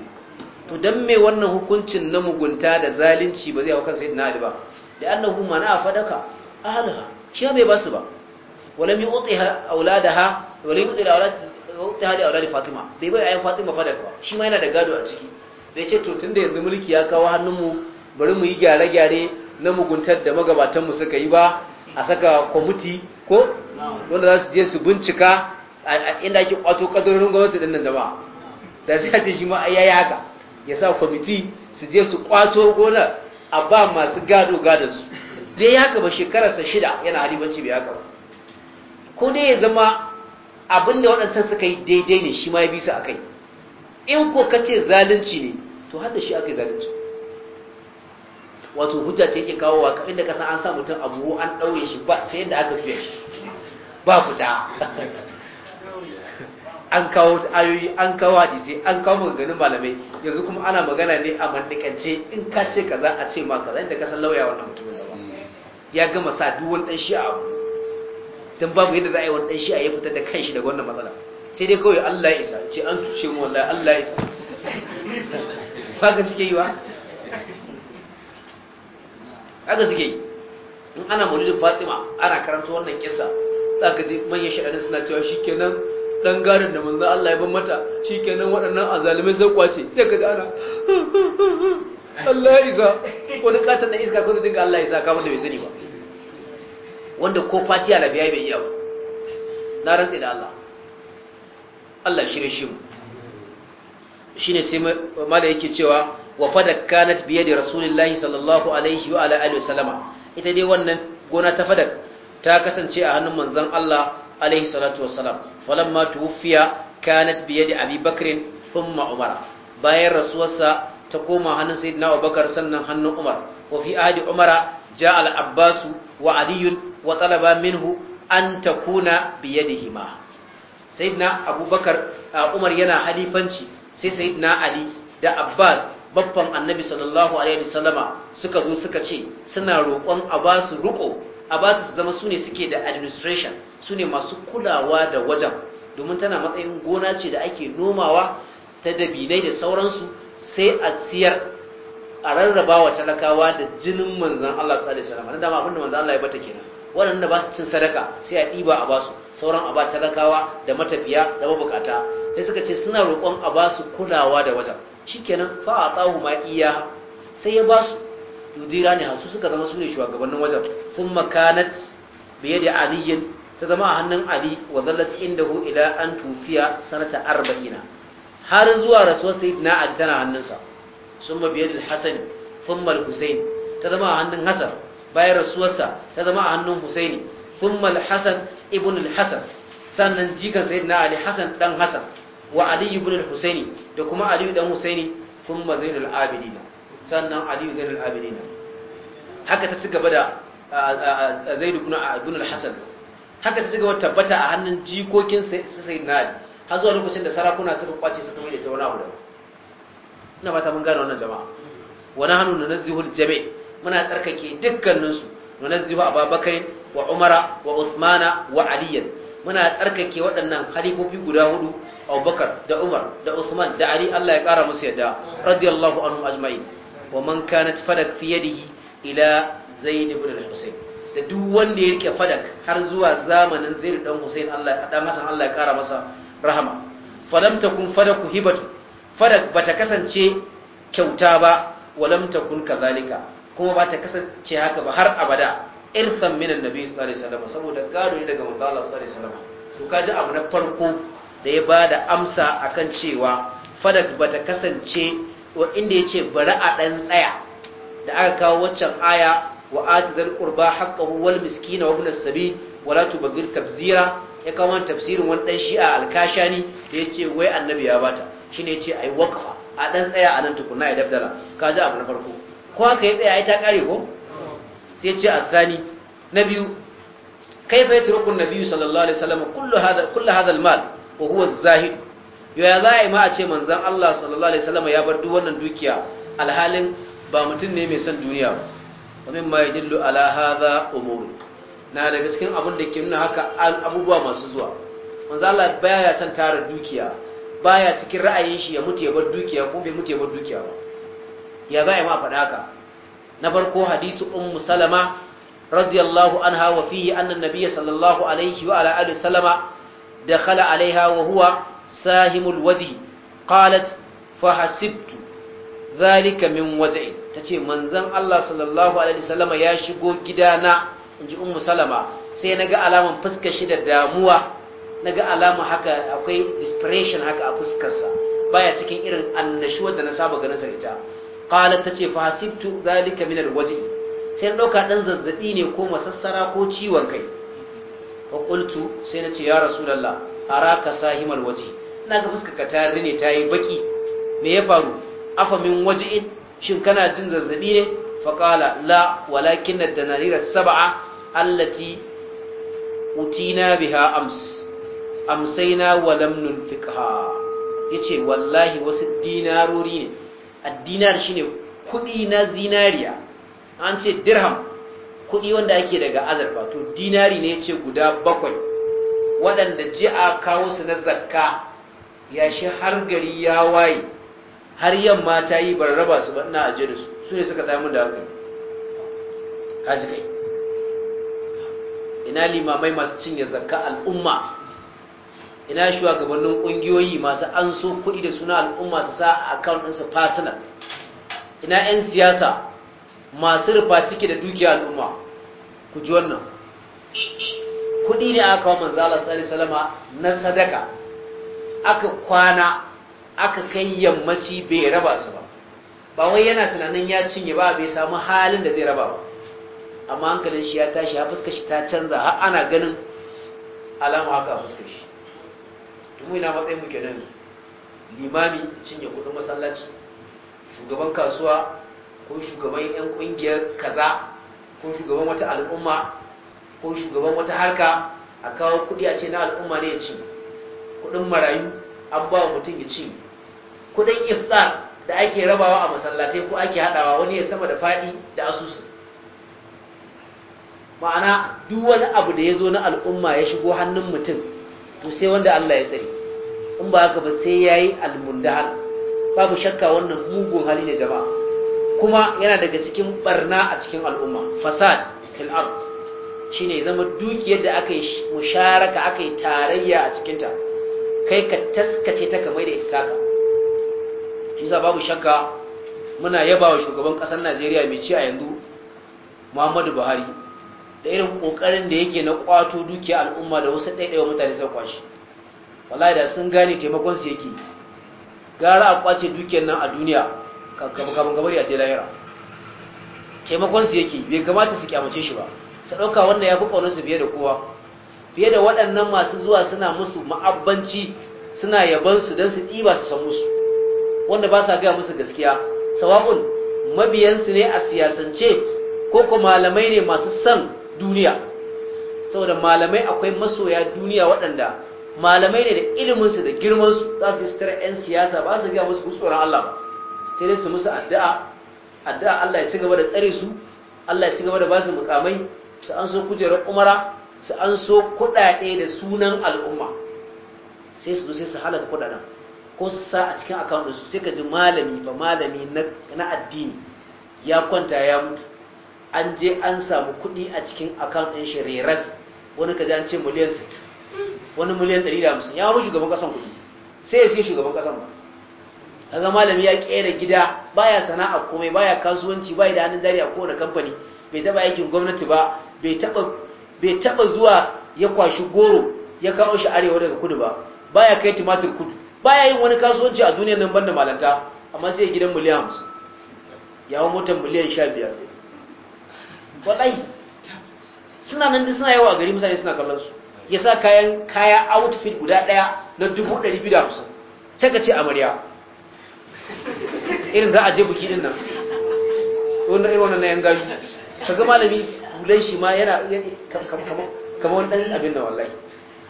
to dan me wannan hukuncin na mugunta da zalunci ba zai hau kan sayyidina ali ba da annahu mana'a fadaka ahlaha shi bai basu ba walam yu'tiha auladaha walam yu'til aulad ta a auladi fatima bai bai ayan fatima fadak ba shi ma yana da gado a ciki da ya ce to da yanzu mulki ya kawo hannunmu bari mu yi gyare-gyare na muguntar da mu suka yi ba a saka kwamiti ko wanda za su je su bincika inda ake kwato kadarorin gwamnati din nan ba da sai ce shi ma ya yi ya sa kwamiti su je su kwato gona a ba masu gado gadon su dai ya ba shekararsa shida yana halibanci bai yaka ba ko dai ya zama Abin da waɗancan suka yi daidai ne shi ma ya bisa kai, in ko ka ce zalunci ne to har da shi yi zalunci wato hujja ce yake kawo wa inda da ka san an sa mutum abu an ɗauye shi ba sai yadda aka fiye shi ba ku ta, an kawo ayoyi an kawo hadisi an kawo maganganun malamai yanzu kuma ana magana ne a mandikance in ka ce kaza a ce ma kaza inda ka san lauya wannan mutumin da ba ya gama sa duwan dan shi a abu don babu yadda za a yi wani shi a yi fitar da kanshi daga wannan matsala sai dai kawai Allah ya isa ce an tuce mu wallahi Allah ya isa ba ka suke yi wa haka suke yi in ana maulidin fatima ana karanta wannan kisa za ka ji manyan shaɗanin suna cewa shi kenan ɗan garin da manzan Allah ya ban mata shi kenan waɗannan azalimai zan kwace sai ka ji ana Allah ya isa wani katon na iska kawai dinga Allah ya isa kamar da bai sani ba wanda ko fati alabiya bai iya ba na rantsi da Allah Allah shirye shi mu ne sai mala yake cewa wa fada kanat biye da rasulullahi sallallahu alaihi wa ala wasallama ita dai wannan gona ta fadak ta kasance a hannun manzon Allah alaihi salatu wassalam falamma tuwfiya kanat biye da Abi Bakirin thumma Umar bayan rasuwarsa ta koma hannun sayyidina Abubakar sannan hannun Umar wa fi ahdi Umara ja al-abbasu wa aliyun wa talaba minhu an takuna biyadihima sayyidina abubakar umar yana halifanci sai sayyidina ali da abbas babban annabi sallallahu alaihi wasallama suka zo suka ce suna roƙon a ba su a ba su zama su ne suke da administration su ne masu kulawa da wajen domin tana matsayin gona ce da ake nomawa ta dabinai da sauransu sai a siyar a rarraba wa talakawa da jinin manzan Allah sa alaihi salama dama abinda manzan Allah ya bata kenan waɗanda ba su cin sadaka sai a ɗiba a basu sauran a ba talakawa da matafiya da mabukata sai suka ce suna roƙon a basu kulawa da wajen shikenan fa a tsahu ma iya sai ya basu dudira ne hasu suka zama su ne shugabannin wajen sun makanat biye da aliyin ta zama a hannun ali wa zallat hu ila an tufiya sanata arba'ina har zuwa rasuwar na ali tana hannunsa summa biyadil hasani thumma al-husaini ta zama a hannun hasan bayan rasuwarsa ta zama a hannun husaini thumma al-hasan ibn al-hasan sannan jikan na ali hasan dan hasan wa ali ibn al-husaini da kuma ali dan husaini thumma zainul abidin sannan ali zainul abidin haka ta ci gaba da zaid ibn ibn al-hasan haka ta ci gaba tabbata a hannun jikokin na ali har zuwa lokacin da sarakuna suka kwace suka mai da tawana hudu. ina fata mun gane wannan jama'a wa nahnu nunazzihu al-jami' muna tsarkake dukkanin su nunazzihu ababakain wa umara wa usmana wa aliyan muna tsarkake waɗannan halifofi guda hudu abubakar da umar da usman da ali Allah ya ƙara musu yadda radiyallahu anhum ajma'in wa man kanat fadak fi yadihi ila zaid ibn al-husayn da duk wanda ya rike fadak har zuwa zamanin zaid dan husayn Allah ya masa Allah ya ƙara masa rahama falam takun fadaku hibatu fada ta kasance kyauta ba walam kun kazalika kuma ba ta kasance haka ba har abada irsan minan nabi sallallahu alaihi wasallam saboda gado ne daga manzo Allah sallallahu alaihi wasallam to kaji abu na farko da ya bada amsa akan cewa fadak ta kasance wa inda yace bari a dan tsaya da aka kawo waccan aya wa atizal qurba haqqahu wal miskina wa ibn as-sabil wala tubghir tabzira ya kawo tafsirin wani dan shi'a alkashani da yace wai annabi ya bata ne ce yi waqfa a ɗan tsaya a nan tukunna ya dabdala ka ji abu na farko ko haka ya tsaya yi ta kare ko sai ce azani na biyu kaifa yatruku an biyu, sallallahu alaihi wasallam kullu hada mal wa huwa zahid za a yi ma a ce manzon Allah sallallahu alaihi wasallam ya bar wannan dukiya alhalin ba mutum ne mai son duniya ba wamin ma ala hadha umur na daga cikin abin da ke nuna haka abubuwa masu zuwa manzo Allah baya son tara dukiya baya cikin ra'ayin shi ya mutu ya bar dukiya ko bai mutu ya bar dukiya ba ya za a yi ma faɗa ka na farko hadisu ummu salama radiyallahu anha wa fihi annan nabiyya sallallahu alaihi wa ala alihi da dakhala alaiha wa huwa sahimul wajhi qalat fa hasibtu zalika min wajhi tace manzan Allah sallallahu alaihi salama ya shigo gidana inji ummu salama sai naga alaman fuskar shi da damuwa na ga alama haka akwai inspiration haka a fuskarsa baya cikin irin annashuwar da na saba ganin sa ita qalat tace fa hasibtu zalika min alwaji sai na dauka dan zazzabi ne ko masassara ko ciwon kai fa qultu sai ce ya rasulullah araka sahimal waji ina ga fuskarka ta rine ta yi baki me ya faru afa min waji'in shin kana jin zazzabi ne fa qala la walakin ad-dananira sab'a allati utina biha ams amsaina wa lam nunfiqha yace wallahi wasu dinarori ne addinar shine kudi na zinariya an ce dirham kudi wanda ake daga azurfa to dinari ne yace guda bakwai waɗanda ji a kawo su na zakka yashi har gari ya waye har yamma ta yi ban raba su ba na aje da su su ne suka mun da Ka ji kai ina limamai masu cinye zakka al'umma ina shugabannin kungiyoyi masu an so kuɗi da suna al'umma su sa a account ɗinsu personal ina 'yan siyasa masu rufa ciki da dukiya al'umma ku ji wannan kuɗi ne aka kawo manzala tsari salama na sadaka aka kwana aka kai yammaci bai raba su ba ba wai yana tunanin ya cinye ba bai samu halin da zai raba ba amma hankalin shi ya tashi ya fuska shi ta canza har ana ganin alama haka a shi mu ina matsayin mu kenan limami cinye kudin masallaci shugaban kasuwa ko shugaban yan kungiyar kaza ko shugaban wata al'umma ko shugaban wata harka a kawo kudi a ce na al'umma ne ya ci kudin marayu an ba mutum ya ci kudin iftar da ake rabawa a masallatai ko ake hadawa wani ya sama da fadi da asusu ma'ana duk wani abu da ya zo na al'umma ya shigo hannun mutum to sai wanda Allah ya tsare in ba haka ba sai ya yi almundahal babu shakka wannan mugun hali ne jama'a kuma yana daga cikin barna a cikin al'umma fasad fil ard shine zama dukiyar da aka yi musharaka aka yi tarayya a cikin ta kai ka taskace ta kamar da ita taka babu shakka muna yaba wa shugaban ƙasar Najeriya mai ci a yanzu Muhammadu Buhari da irin kokarin da yake na kwato dukiya al'umma da wasu ɗaiɗaiwa mutane sai kwashi wallahi da sun gane taimakon su yake gara a kwace dukiyar nan a duniya kafin gabar ya je lahira taimakon su yake bai kamata su kyamace shi ba su ɗauka wannan ya fi su fiye da kowa fiye da waɗannan masu zuwa suna musu ma'abbanci suna yaban su don su ɗiba su san musu wanda ba sa gaya musu gaskiya sawa'un mabiyansu ne a siyasance ko kuma malamai ne masu san duniya saboda malamai akwai masoya duniya waɗanda malamai ne da iliminsu da girmansu za su yi 'yan siyasa ba su gaya musu tsoron Allah sai dai su musu addu'a addu'a Allah ya ci gaba da tsare su Allah ya ci gaba da ba su mukamai su an so kujerar umara su an so kuɗaɗe da sunan al'umma sai su sai su halaka kuɗaɗen ko su sa a cikin akawun su sai ka ji malami ba malami na addini ya kwanta ya mutu an je an samu kuɗi a cikin account ɗin shi reras wani ka an ce miliyan 60 wani miliyan 150 ya wani shugaban ƙasan kuɗi sai ya siya shugaban ƙasan ba ga malami ya kera gida baya sana'a komai baya kasuwanci ya da hannun jari a kowane kamfani bai taba aikin gwamnati ba bai taba zuwa ya kwashi goro ya kawo shi arewa daga kudu ba baya kai tumatir kudu baya yin wani kasuwanci a duniyar nan banda malanta amma sai gidan miliyan 50 hau motar miliyan 15 wallahi suna nan suna yawa gari mutane suna kallon su ya sa kayan kaya outfit guda daya na 250 sai ka ce amarya irin za a je buki din nan wanda irin wannan yan gashi ka ga malami gudan shi ma yana kama wani ɗan abin da wallahi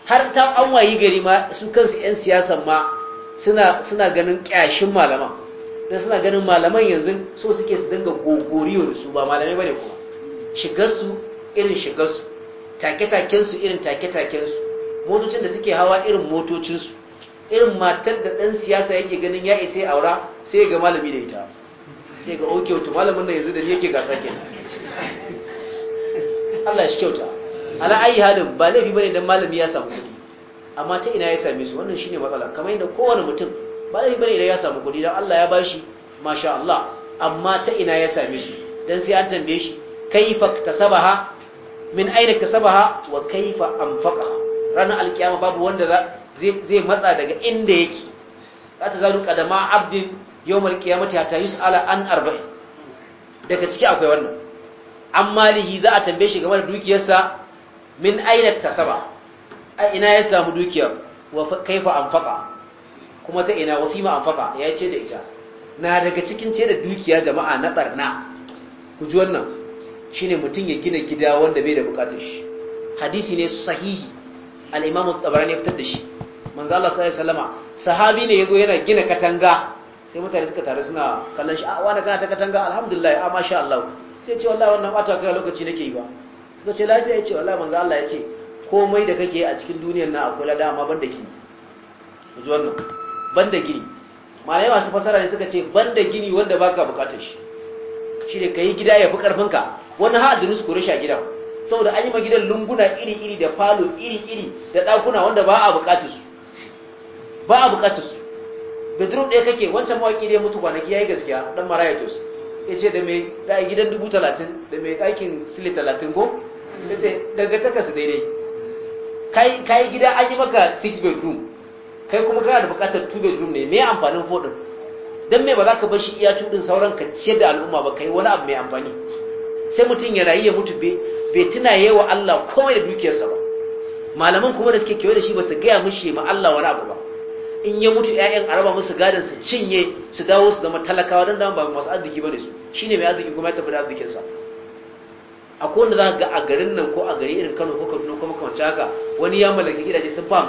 har ta an wayi gari ma su kansu 'yan siyasan ma suna ganin ƙyashin malaman don suna ganin malaman yanzu so suke su dinga gogori da su ba malamai ba ne kuma shigarsu irin shigarsu take-takensu irin take-takensu motocin da suke hawa irin motocinsu irin matar da ɗan siyasa yake ganin ya isa aura sai ga malami da ita sai ga oke wato malamin da yanzu da yake gasa ke Allah shi kyauta ala ayi halin ba laifi bane dan malami ya samu kuɗi amma ta ina ya same su wannan shine matsala kamar yadda kowane mutum ba laifi bane idan ya samu kuɗi dan Allah ya bashi masha Allah amma ta ina ya same su, dan sai an tambaye shi kaifa tasabaha, min aina kasabaha wa kaifa anfaqaha ranar alkiyama babu wanda zai matsa daga inda yake za ta zaru kadama abdin yawmal qiyamati hatta yus'ala an arba'in daga ciki akwai wannan an malihi za a tambaye shi game da dukiyarsa min aina kasaba a ina ya samu dukiyar wa kaifa anfaqa kuma ta ina wa fima anfaqa ya ce da ita na daga cikin ce da dukiya jama'a na barna ku ji wannan shine mutum ya gina gida wanda bai da bukatar shi hadisi ne sahihi al-imamu tabarani ya fitar da shi manzo Allah sallallahu alaihi wasallama sahabi ne yazo yana gina katanga sai mutane suka tare suna kallon shi a ah, wani kana ta katanga alhamdulillah a ah, masha Allah sai ce wallahi wannan bata kai lokaci nake yi ba suka ce lafiya yace wallahi manzo Allah yace komai da kake a cikin duniyar nan akwai lada amma banda gini ji wannan banda gini malai masu fasara ne suka ce banda gini wanda baka bukatar shi shi ne yi gida ya fi karfinka wani ha aljanu su kore shi gidan saboda an yi ma gidan lunguna iri-iri da falo iri-iri da ɗakuna wanda ba a buƙatar su ba a buƙatar su bedroom ɗaya kake wancan mawaƙi dai mutu kwanaki ya yi gaskiya ɗan maraya tos ya ce da mai ɗaya gidan dubu talatin da mai ɗakin sile talatin ko ya ce daga takas daidai ka yi gida an yi maka six bedroom kai kuma kana da buƙatar two bedroom ne me amfanin foɗin don mai ba za ka bar shi iya tudin sauran ka ciyar da al'umma ba kai wani abu mai amfani sai mutum ya rayu ya mutu bai tuna yawa Allah komai da dukiyarsa ba malaman kuma da suke kewaye da shi ba su gaya mushi ma Allah wani abu ba in ya mutu 'ya'yan araba musu gadon su cinye su dawo su zama talakawa don dama ba masu arziki ne su ne mai arziki kuma ya tafi da arzikin sa akwai wanda za ga a garin nan ko a gari irin Kano ko Kaduna ko makamanci haka wani ya mallaki gidaje sun fa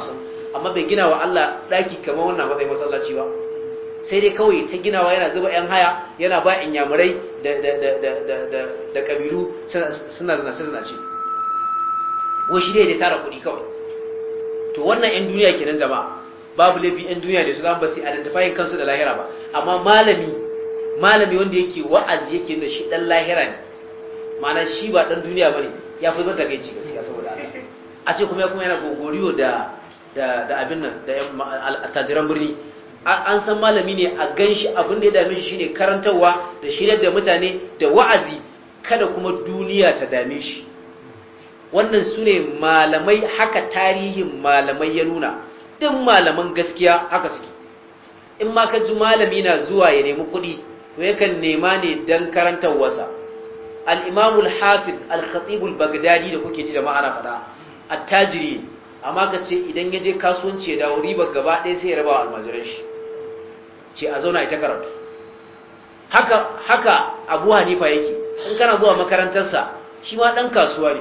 amma bai gina wa Allah ɗaki kamar wannan matsayin masallaci ba sai dai kawai ta ginawa yana zuba yan haya yana ba inyamurai da kabilu suna zana ce. washi dai dai tara kuɗi kawai to wannan yan duniya kenan jama'a babu laifi yan duniya da su zan ba su identifying kansu da lahira ba amma malami malami wanda yake wa'azi yake da shi dan lahira ne mana shi ba dan duniya ba ne, ya fi zanta gaici gaskiya saboda a ce kuma ya kuma yana gogoriyo da abin nan da attajiran birni an san malami ne a ganshi abin da ya dame shi shine karantarwa da shiryar da mutane da wa'azi kada kuma duniya ta dame shi wannan su ne malamai haka tarihin malamai ya nuna duk malaman gaskiya haka suke in ma ka ji malami na zuwa ya nemi kuɗi to yakan nema ne don karantarwarsa al'imamul hafiz al-khatibul bagdadi da kuke ji da ma'ana faɗa attajiri amma ka ce idan ya je kasuwanci ya dawo ribar gaba ɗaya sai ya raba wa almajiran shi ce a zauna ita karatu haka haka abu hanifa yake in kana zuwa makarantarsa shi ma ɗan kasuwa ne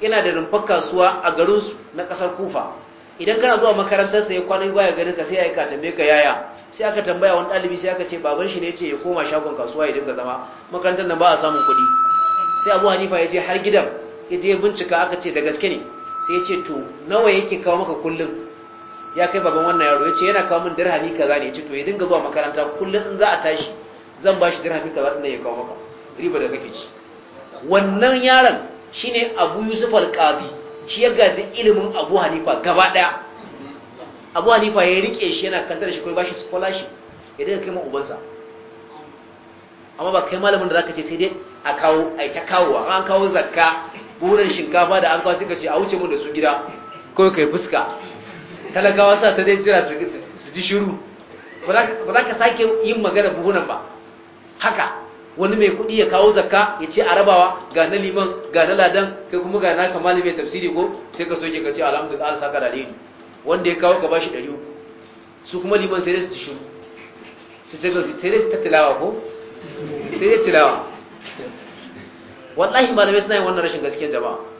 yana da rumfar kasuwa a garinsu na ƙasar kufa idan kana zuwa makarantarsa ya kwanan baya garin ka sai ya yi ka tambaye ka yaya sai aka tambaya wani ɗalibi sai aka ce baban shi ne ce ya koma shagon kasuwa ya dinga zama makarantar nan ba a samun kuɗi sai abu hanifa ya je har gidan ya je bincika aka ce da gaske ne sai ya ce to nawa yake kawo maka kullum ya kai baban wannan yaro ya ce yana kawo min dirhami kaza ne ya ce to ya dinga zuwa makaranta kullum in za a tashi zan ba shi dirhami kaza ɗin ya kawo maka riba da kake ci wannan yaron shine abu yusuf alƙadi shi ya gaji ilimin abu hanifa gaba ɗaya abu hanifa ya rike shi yana kantar shi kai ba shi scholarship ya dinga kai ma ubansa amma ba kai malamin da zaka ce sai dai a kawo ai ta kawo an kawo zakka burin shinkafa da an kawo sai ka ce a wuce mu da su gida kawai kai fuska talagawa sa ta dai jira su ji shiru ba za ka sake yin magana buhunan ba haka wani mai kuɗi ya kawo zakka ya ce a rabawa ga na liman ga na ladan kai kuma ga na kamali mai tafsiri ko sai ka soke ka ce alhamdulillah alasaka da ladini wanda ya kawo ka bashi uku, su kuma liman sai dai su shiru su ce gausi sai dai su tattilawa ko sai dai tilawa wallahi malamai suna yin wannan rashin gaskiyar jama'a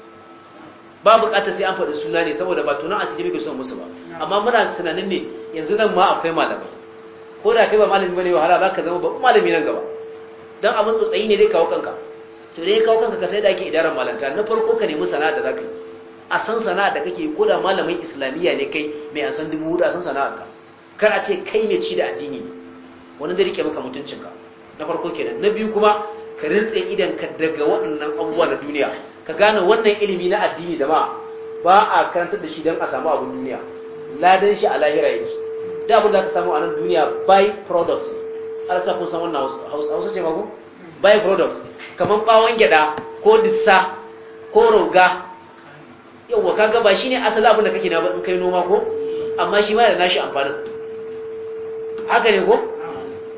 ba bukata sai an faɗi suna ne saboda ba tunan asiri muke son musu ba amma muna tunanin ne yanzu nan ma akwai malamai ko da kai ba malami bane wahala za ka zama babban malami nan gaba don abin tsotsayi ne dai kawo kanka to dai kawo kanka ka sai da ake idaran malanta na farko ka nemi sana'a da za ka yi a san sana'a da kake ko da malamin islamiyya ne kai mai an san dubu hudu a san sana'a ka kar a ce kai mai ci da addini wani da rike maka mutuncinka na farko kenan na biyu kuma ka rintse idan ka daga waɗannan abubuwa na duniya ka gane wannan ilimi na addini zama ba a karantar da shi don a samu abin duniya ladan shi a lahira yi. da abin da aka samu a nan duniya by product ne alasa kun san wannan hausa ce mako by product kamar bawon gyada ko dissa ko roga yauwa gaba shi ne asali abin da kake na in kai noma ko amma shi ma da nashi amfanin haka ne ko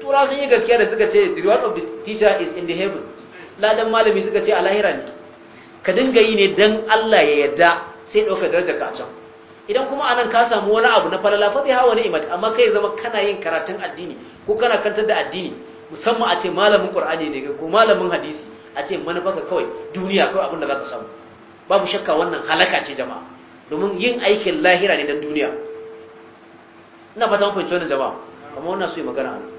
tura sun yi gaskiya da suka ce the reward of the teacher is in the heaven ladan malami suka ce a lahira ne ka dinga yi ne don Allah ya yarda sai ɗaukar darajar ka can idan kuma anan ka samu wani abu na falala faɗi hawa imat amma kai zama kana yin karatun addini ko kana kantar da addini musamman a ce malamin qur'ani ne ko malamin hadisi a ce manufarka kawai duniya kawai abin da za ka samu babu shakka wannan halaka ce jama'a domin yin aikin lahira ne dan duniya ina fata mun fahimci wannan jama'a kamar wannan su yi magana a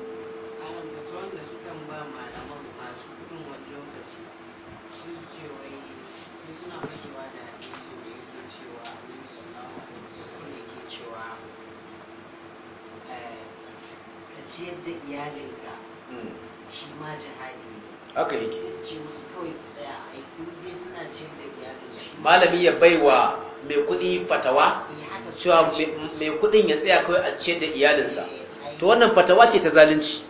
ciyar da iyalinka hmm. shi ma jihadi ne aka yake ce musu kawai su tsaya a yi suna ciyar da iyalin iyalinsu malami ya bai wa mai kuɗi fatawa eh, cewa mai kuɗin ya tsaya kawai a ciyar da iyalinsa eh, to wannan fatawa ce ta zalunci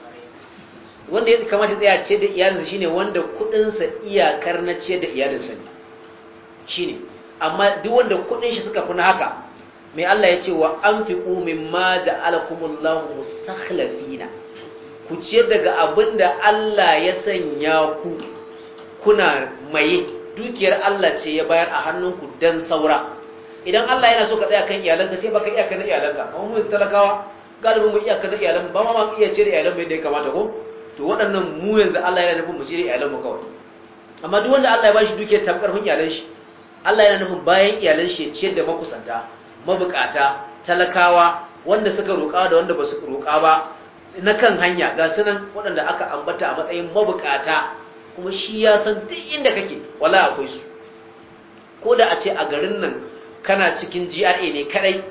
wanda ya kamata tsaya ciyar da iyalinsa shine wanda kuɗinsa iyakar na ciyar da iyalinsa ne shine amma duk wanda kuɗin shi suka fi na haka mai Allah ya ce wa an fi umin ma ja'alakumullahu mustakhlafina ku ce daga abinda Allah ya sanya ku kuna maye dukiyar Allah ce ya bayar a hannunku dan saura idan Allah yana so ka tsaya kan iyalanka sai baka iyaka na iyalanka kamar mu talakawa galibin mu iyaka na iyalan ba ma ma iya ce iyalan mai da ya kamata ko to waɗannan mu yanzu Allah yana nufin mu ce iyalan mu kawai amma duk wanda Allah ya bashi dukiyar tamkar hun iyalan shi Allah yana nufin bayan iyalan shi ya ciyar da makusanta mabukata talakawa wanda suka roƙa da wanda ba su roƙa ba na kan hanya ga sunan waɗanda aka ambata a matsayin mabukata kuma shi ya san duk inda kake wala akwai su ko da a ce a garin nan kana cikin GRA ne kadai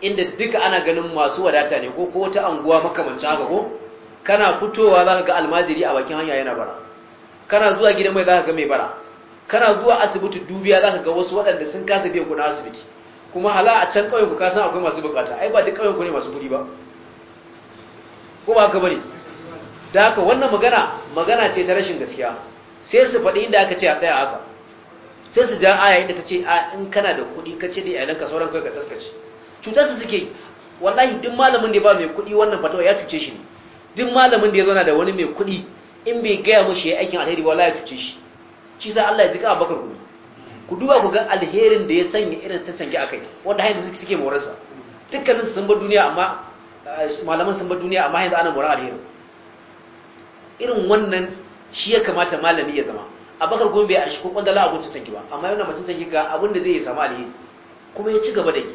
inda duka ana ganin masu wadata ne ko ko wata anguwa makamancin haka ko kana fitowa zaka ga almajiri a bakin hanya yana bara kana zuwa gidan mai zaka ga mai bara kana zuwa asibiti dubiya zaka ga wasu waɗanda sun kasa biyan kuɗin asibiti kuma hala a can ƙauyenku kasan akwai masu bukata ai ba duk ƙauyenku ne masu kuɗi ba ko ba ka bari? da haka wannan magana magana ce ta rashin gaskiya sai su faɗi inda aka ce a ɗaya haka sai su ja aya inda ta ce a in kana da kuɗi ka ce da iyalanka sauran kai ka taskace cutarsu suke wallahi duk malamin da ba mai kuɗi wannan fatawa ya cuce shi ne duk malamin da ya zauna da wani mai kuɗi in bai gaya mushi ya aikin alheri wallahi ya cuce shi shi sai Allah ya jika Abubakar gumi ku duba ku ga alherin da ya sanya irin cancanci akai wanda har su suke morarsa dukkanin sun bar duniya amma eh, malaman sun bar duniya amma yanzu ana morar alherin irin wannan shi ya kamata malami ya zama abakar gombe a shi ko kwandala a guntun canki ba amma yana mutum cancanci ga abin da zai yi samu alheri kuma ya ci gaba da yi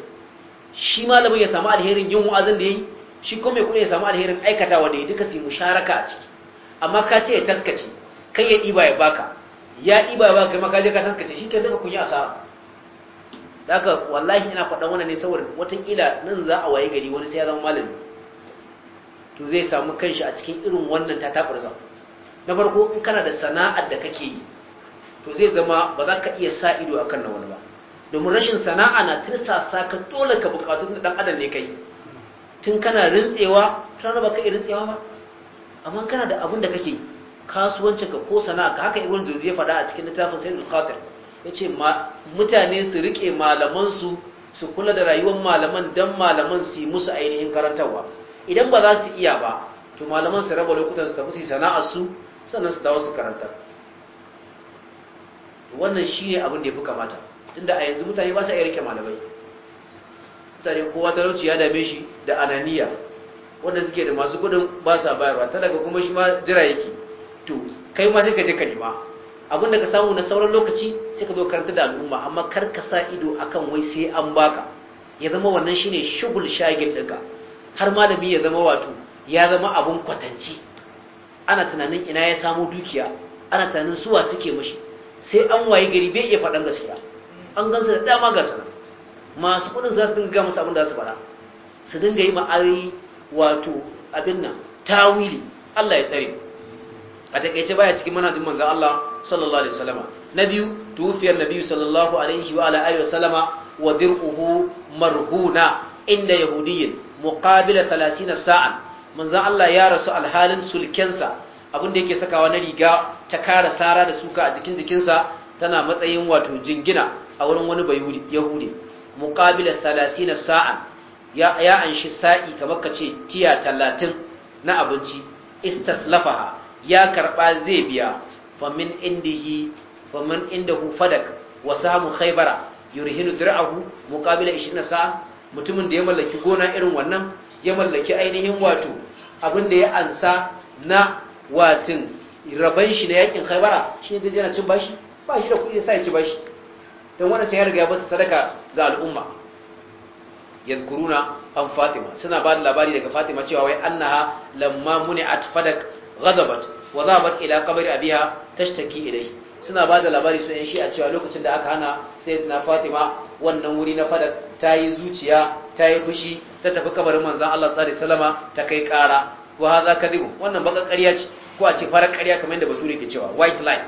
shi malamin ya samu alherin yin wa'azin da ya yi shi kuma mai kuɗi ya samu alherin aikatawa da ya duka su yi musharaka a ciki amma ka ce ya taskace kai ya ɗiba ya baka ya iba ba kai makaje ka taskace shi kai daga kunya yi asara haka wallahi ina faɗan wannan ne saboda watakila nan za a waye gari wani sai ya zama malami to zai samu kanshi a cikin irin wannan ta taɓarza na farko in kana da sana'ar da kake yi to zai zama ba za ka iya sa ido akan na wani ba domin rashin sana'a na tirsasa ka dole ka bukatu da dan adam ne kai tun kana rintsewa tana ba ka iya rintsewa ba amma kana da abin da kake yi Kasuwanci ka ko sana'a haka ibn juzi ya faɗa a cikin littafin sayyidul khatir yace mutane su rike malaman su su kula da rayuwar malaman dan malaman su yi musu ainihin karantawa. idan ba za su iya ba to malaman su raba lokutan su tafi su sana'ar su sannan su dawo su karanta wannan shine abin da yafi kamata tunda a yanzu mutane ba sa iya rike malamai mutane kowa talauci ya dame shi da ananiya wanda suke da masu gudun ba sa bayarwa daga kuma shi ma jira yake to kai ma sai ka je ka nima abin da ka samu na sauran lokaci sai ka zo karanta da al'umma amma kar ka sa ido akan wai sai an baka ya zama wannan shine shugul shagil daga har malami ya zama wato ya zama abun kwatanci ana tunanin ina ya samu dukiya ana tunanin suwa suke mashi sai an waye gari bai iya faɗan gaskiya an gansa da dama ga sana masu kudin za su dinga gama abin da su faɗa su dinga yi ma'ayi wato abin nan tawili Allah ya tsare a takaice baya cikin manhajin manzon Allah sallallahu alaihi na biyu tufiyar nabi sallallahu alaihi wa alihi wasallama wa dirquhu marhuna inda yahudiyyin muqabila 30 sa'an manzon Allah ya rasu alhalin sulkensa abinda yake sakawa na riga ta kara sara da suka a jikin jikinsa tana matsayin wato jingina a wurin wani yahudi muqabila 30 sa'an ya ya anshi sa'i kamar kace tiya 30 na abinci istaslafaha ya karɓa zai biya famin yi famin ku fadak wa samu khaybara yurhinu dir'ahu muqabila 20 sa, mutumin da ya mallaki gona irin wannan ya mallaki ainihin wato abin da ya ansa na watin raban shi na yakin khaibara shi da yana cin bashi ba shi da kuɗi sai ya ci bashi dan wannan ya riga ya sadaka ga al'umma yadhkuruna an fatima suna ba da labari daga fatima cewa wai annaha lamma muni'at fadak ghadabat wa zabat ila qabri abiha tashtaki ilayhi suna bada labari su yan a cewa lokacin da aka hana sayyidina Fatima wannan wuri na fada ta yi zuciya ta yi fushi ta tafi kabarin manzon Allah sallallahu alaihi wasallama ta kai kara za ka kadibu wannan baka ƙarya ce ko a ce farar ƙarya kamar yadda bature ke cewa white line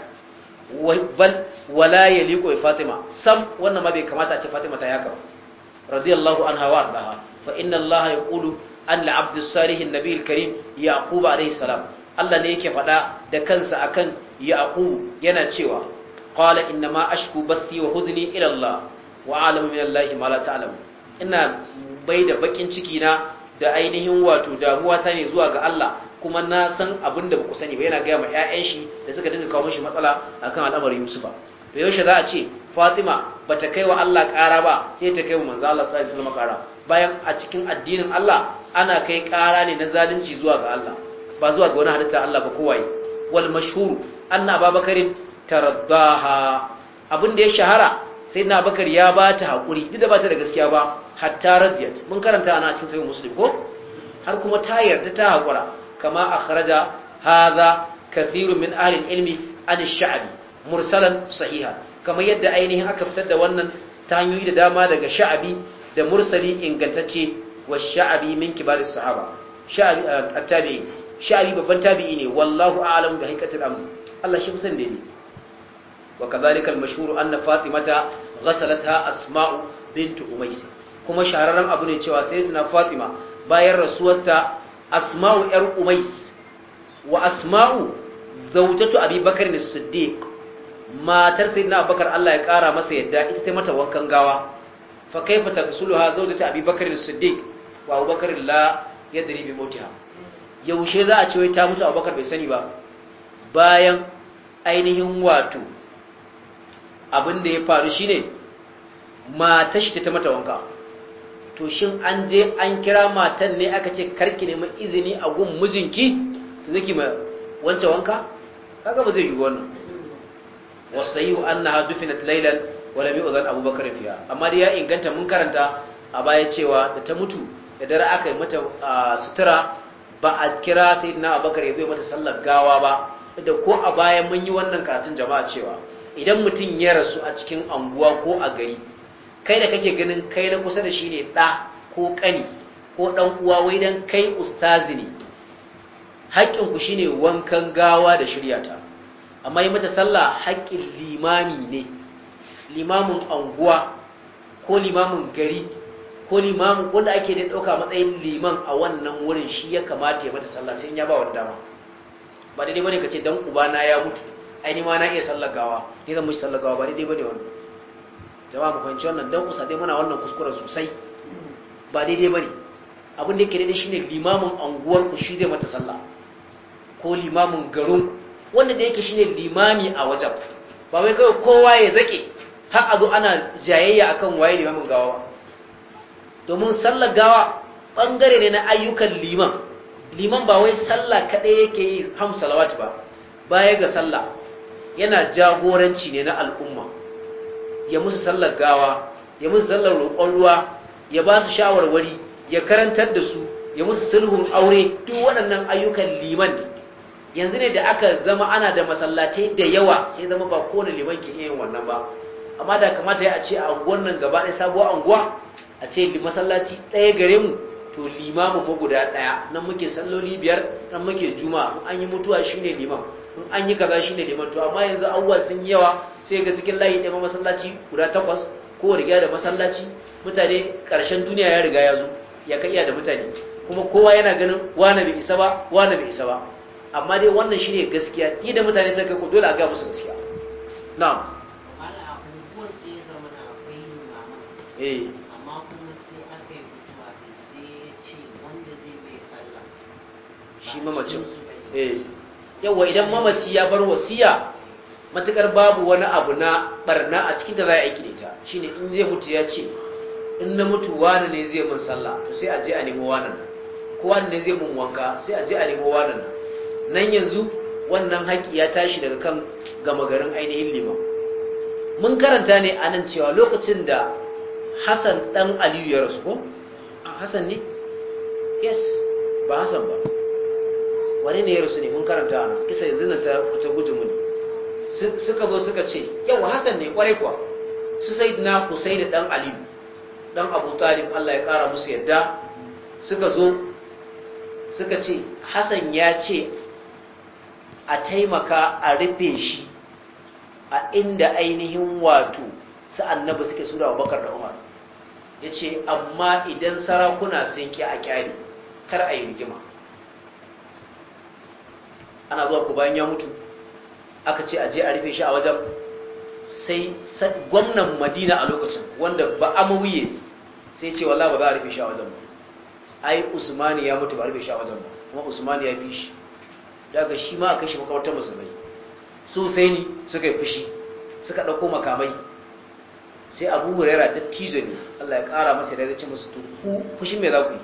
bal wala yaliqu bi Fatima sam wannan ma bai kamata a ce Fatima ta yaka ba radiyallahu anha wa ardaha fa inna Allah yaqulu an al-abd as-salih an-nabi al-karim yaqub alayhi salam Allah ne yake faɗa da kansa akan Yaqub yana cewa qala inna ma ashku bathi wa huzni ila Allah wa a'lamu min Allah ma la ta'lam ina bai da bakin ciki na da ainihin wato damuwa ta ne zuwa ga Allah kuma na san abin da baku sani ba yana gaya ma ƴaƴan shi da suka dinga kawo mishi matsala akan al'amarin Yusufa to yaushe za a ce Fatima bata kai wa Allah ƙara ba sai ta kai wa manzo Allah sallallahu alaihi wasallam ƙara bayan a cikin addinin Allah ana kai ƙara ne na zalunci zuwa ga Allah ba zuwa ga wani halitta Allah ba kowaye wal mashhur anna ababakarin taraddaha abin da ya shahara sai na bakar ya ba ta haƙuri duk da ba ta da gaskiya ba hatta radiyat mun karanta ana cikin sayin muslim ko har kuma ta yarda ta hakura kama a kharaja haza kathirun min ahlil ilmi an sha'abi mursalan sahiha kamar yadda ainihin aka fitar da wannan ta hanyoyi da dama daga sha'abi da mursali ingantacce wa sha'abi min kibaris sahaba sha'abi at-tabi'i sha'abi babban tabi'i ne wallahu a'lamu bi haqiqatil amr Allah shi kusan da ne wa kadhalika al-mashhur anna fatimata ghasalatha asma'u bint umays kuma shahararren abu ne cewa sayyidatuna fatima bayan rasuwarta asma'u yar umays wa asma'u zawjatu abi bakr as-siddiq matar sayyidina abubakar Allah ya kara masa yadda ita ta mata wankan gawa fa kaifa taksuluha zawjatu abi bakr as-siddiq wa abubakar la yadri bi mawtiha yaushe za a ce wai ta mutu abubakar bai sani ba bayan ainihin wato abin da ya faru shine mata shi ta mata wanka to shin an je an kira matan ne aka ce karki neman izini a gun mijinki ta zaki ma wancan wanka kaga ba zai yi wannan na annaha dufinat laylan wani lam yu'zan abubakar fiya amma dai ya inganta mun karanta a baya cewa da ta mutu da dare aka yi mata sutura ba a kira sayyidina abubakar ya mata sallar gawa ba da ko a bayan mun yi wannan karatun jama'a cewa idan mutum ya rasu a cikin anguwa ko a gari kai da kake ganin kai na kusa da shi ne ɗa ko ƙani ko ɗan uwa wai dan kai ustazi ne haƙƙinku shi ne wankan gawa da shiryata, ta amma yi mata sallah haƙƙin limami ne limamin anguwa ko limamin gari ko limamin wanda ake da ɗauka matsayin liman a wannan wurin shi ya kamata ya mata sallah sai in ya ba wa dama ba daidai bane ka ce dan na ya mutu ai ni ma na iya sallar gawa ni zan mishi sallar gawa ba daidai bane wannan jama'a mu fahimci wannan dan kusa dai muna wannan kuskure sosai ba daidai bane abin da yake daidai shine limamin anguwar ku shi zai mata sallah ko limamin garin ku wanda da yake shine limami a wajen ba wai kawai kowa ya zake har a zo ana jayayya akan waye limamin gawa ba domin sallar gawa ɓangare ne na ayyukan liman liman ba wai sallah kaɗai yake yi hamsalawat ba baya ga sallah yana jagoranci ne na al'umma ya musu sallar gawa ya musu sallar roƙon ruwa ya ba su shawarwari ya karantar da su ya musu sulhun aure duk waɗannan ayyukan liman ne yanzu ne da aka zama ana da masallatai da yawa sai zama ba kowane liman ke yin wannan ba amma da kamata ya ce a unguwan nan gaba ɗaya sabuwar unguwa a ce masallaci ɗaya gare mu to limamu mu guda ɗaya nan muke salloli biyar nan muke juma'a in an yi mutuwa shi ne liman in an yi kaza ne liman to amma yanzu awwa sun yi yawa sai ga cikin layi ɗaya masallaci guda takwas ko riga da masallaci mutane ƙarshen duniya ya riga ya zo ya kai iya da mutane kuma kowa yana ganin wane bai isa ba wane bai isa ba amma dai wannan shine gaskiya ni da mutane sai kai ko dole a ga musu gaskiya na'am eh sai aka yi mutuwa da sai ya ce wanda zai mai sallah shi mamacin eh. Yau wa idan mamaci ya bar wasiya matukar babu wani abu na barna a cikin da za a yi da shi ne in zai mutu ya ce in na mutu wani ne zai mun sallah to sai a je a nemo wani nan ko wani ne zai mun wanka sai a je a nemo wani nan nan yanzu wannan haƙi ya tashi daga kan gama garin ainihin liman mun karanta ne a nan cewa lokacin da hassan ɗan aliyu ya rasu ko A hassan ne yes ba hassan ba wani ne ya rasu ne mun karanta ana kisa yanzu na ta gujimu ne suka zo suka ce yawa hassan ne kwarai kuwa su sai na husaini ɗan aliyu ɗan abu talib allah ya ƙara musu yadda suka zo suka ce hassan ya ce a taimaka a rufe shi a inda ainihin wato na ba suke sura wa bakar da umar ya ce amma idan sarakuna sun ki a kyari kar a yi rigima ana zuwa ku bayan ya mutu aka ce a je a rufe shi a wajen sai gwamnan madina a lokacin wanda ba amawiye sai ce wallah ba za a rufe shi a wajen ba ai usmani ya mutu ba a rufe shi a wajen ba kuma usmani ya fi shi daga shi ma a kai shi makamantar musulmai su sai ni suka yi fushi suka ɗauko makamai sai abu hurera da tizoni Allah ya kara masa da zace musu tuku ku fushi me za ku yi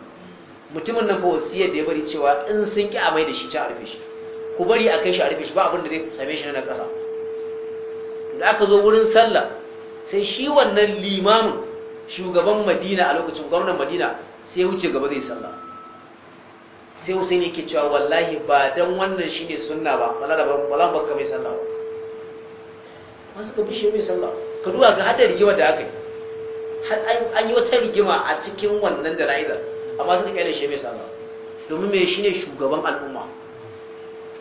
mutumin nan fa wasiyar da ya bari cewa in sun ki amai da shi ta arfe shi ku bari a kai shi arfe shi ba abin da zai same shi na kasa da aka zo wurin sallah sai shi wannan limamin shugaban madina a lokacin gwamnan madina sai wuce gaba zai sallah sai ne ke cewa wallahi ba dan wannan shine sunna ba wala da wala sallah ba wasu ka bishe mai sallah ka duba ga hadda rigima da aka yi an yi wata rigima a cikin wannan jana'izar amma suka kai da shi mai sama domin mai shi ne shugaban al'umma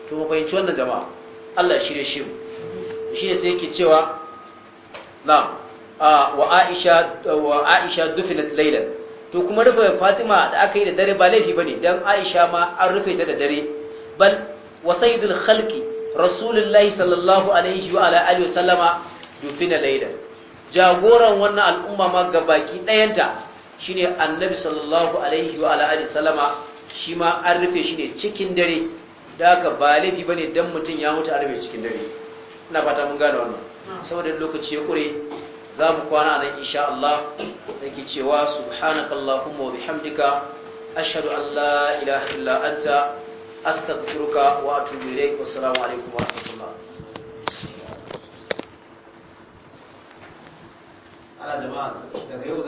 to mu fahimci wannan jama'a Allah shi ne shi shi ne sai yake cewa na wa Aisha wa Aisha dufinat laylan to kuma rufe Fatima da aka yi da dare ba laifi bane dan Aisha ma an rufe ta da dare bal wa sayyidul khalqi rasulullahi sallallahu alaihi wa ala alihi wasallama dufina laidan jagoran wannan al'umma ma gabaki ɗayanta shine annabi sallallahu alaihi wa alihi salama shi ma an rufe shi ne cikin dare da aka ba laifi bane dan mutum ya mutu an rufe cikin dare ina fata mun gane wannan hmm. saboda lokaci ya kure za mu kwana nan insha Allah ke cewa subhanakallahumma wa bihamdika ashhadu an la ilaha illa anta astaghfiruka wa atubu ilaik assalamu alaikum wa rahmatullahi على جماعة الريوزة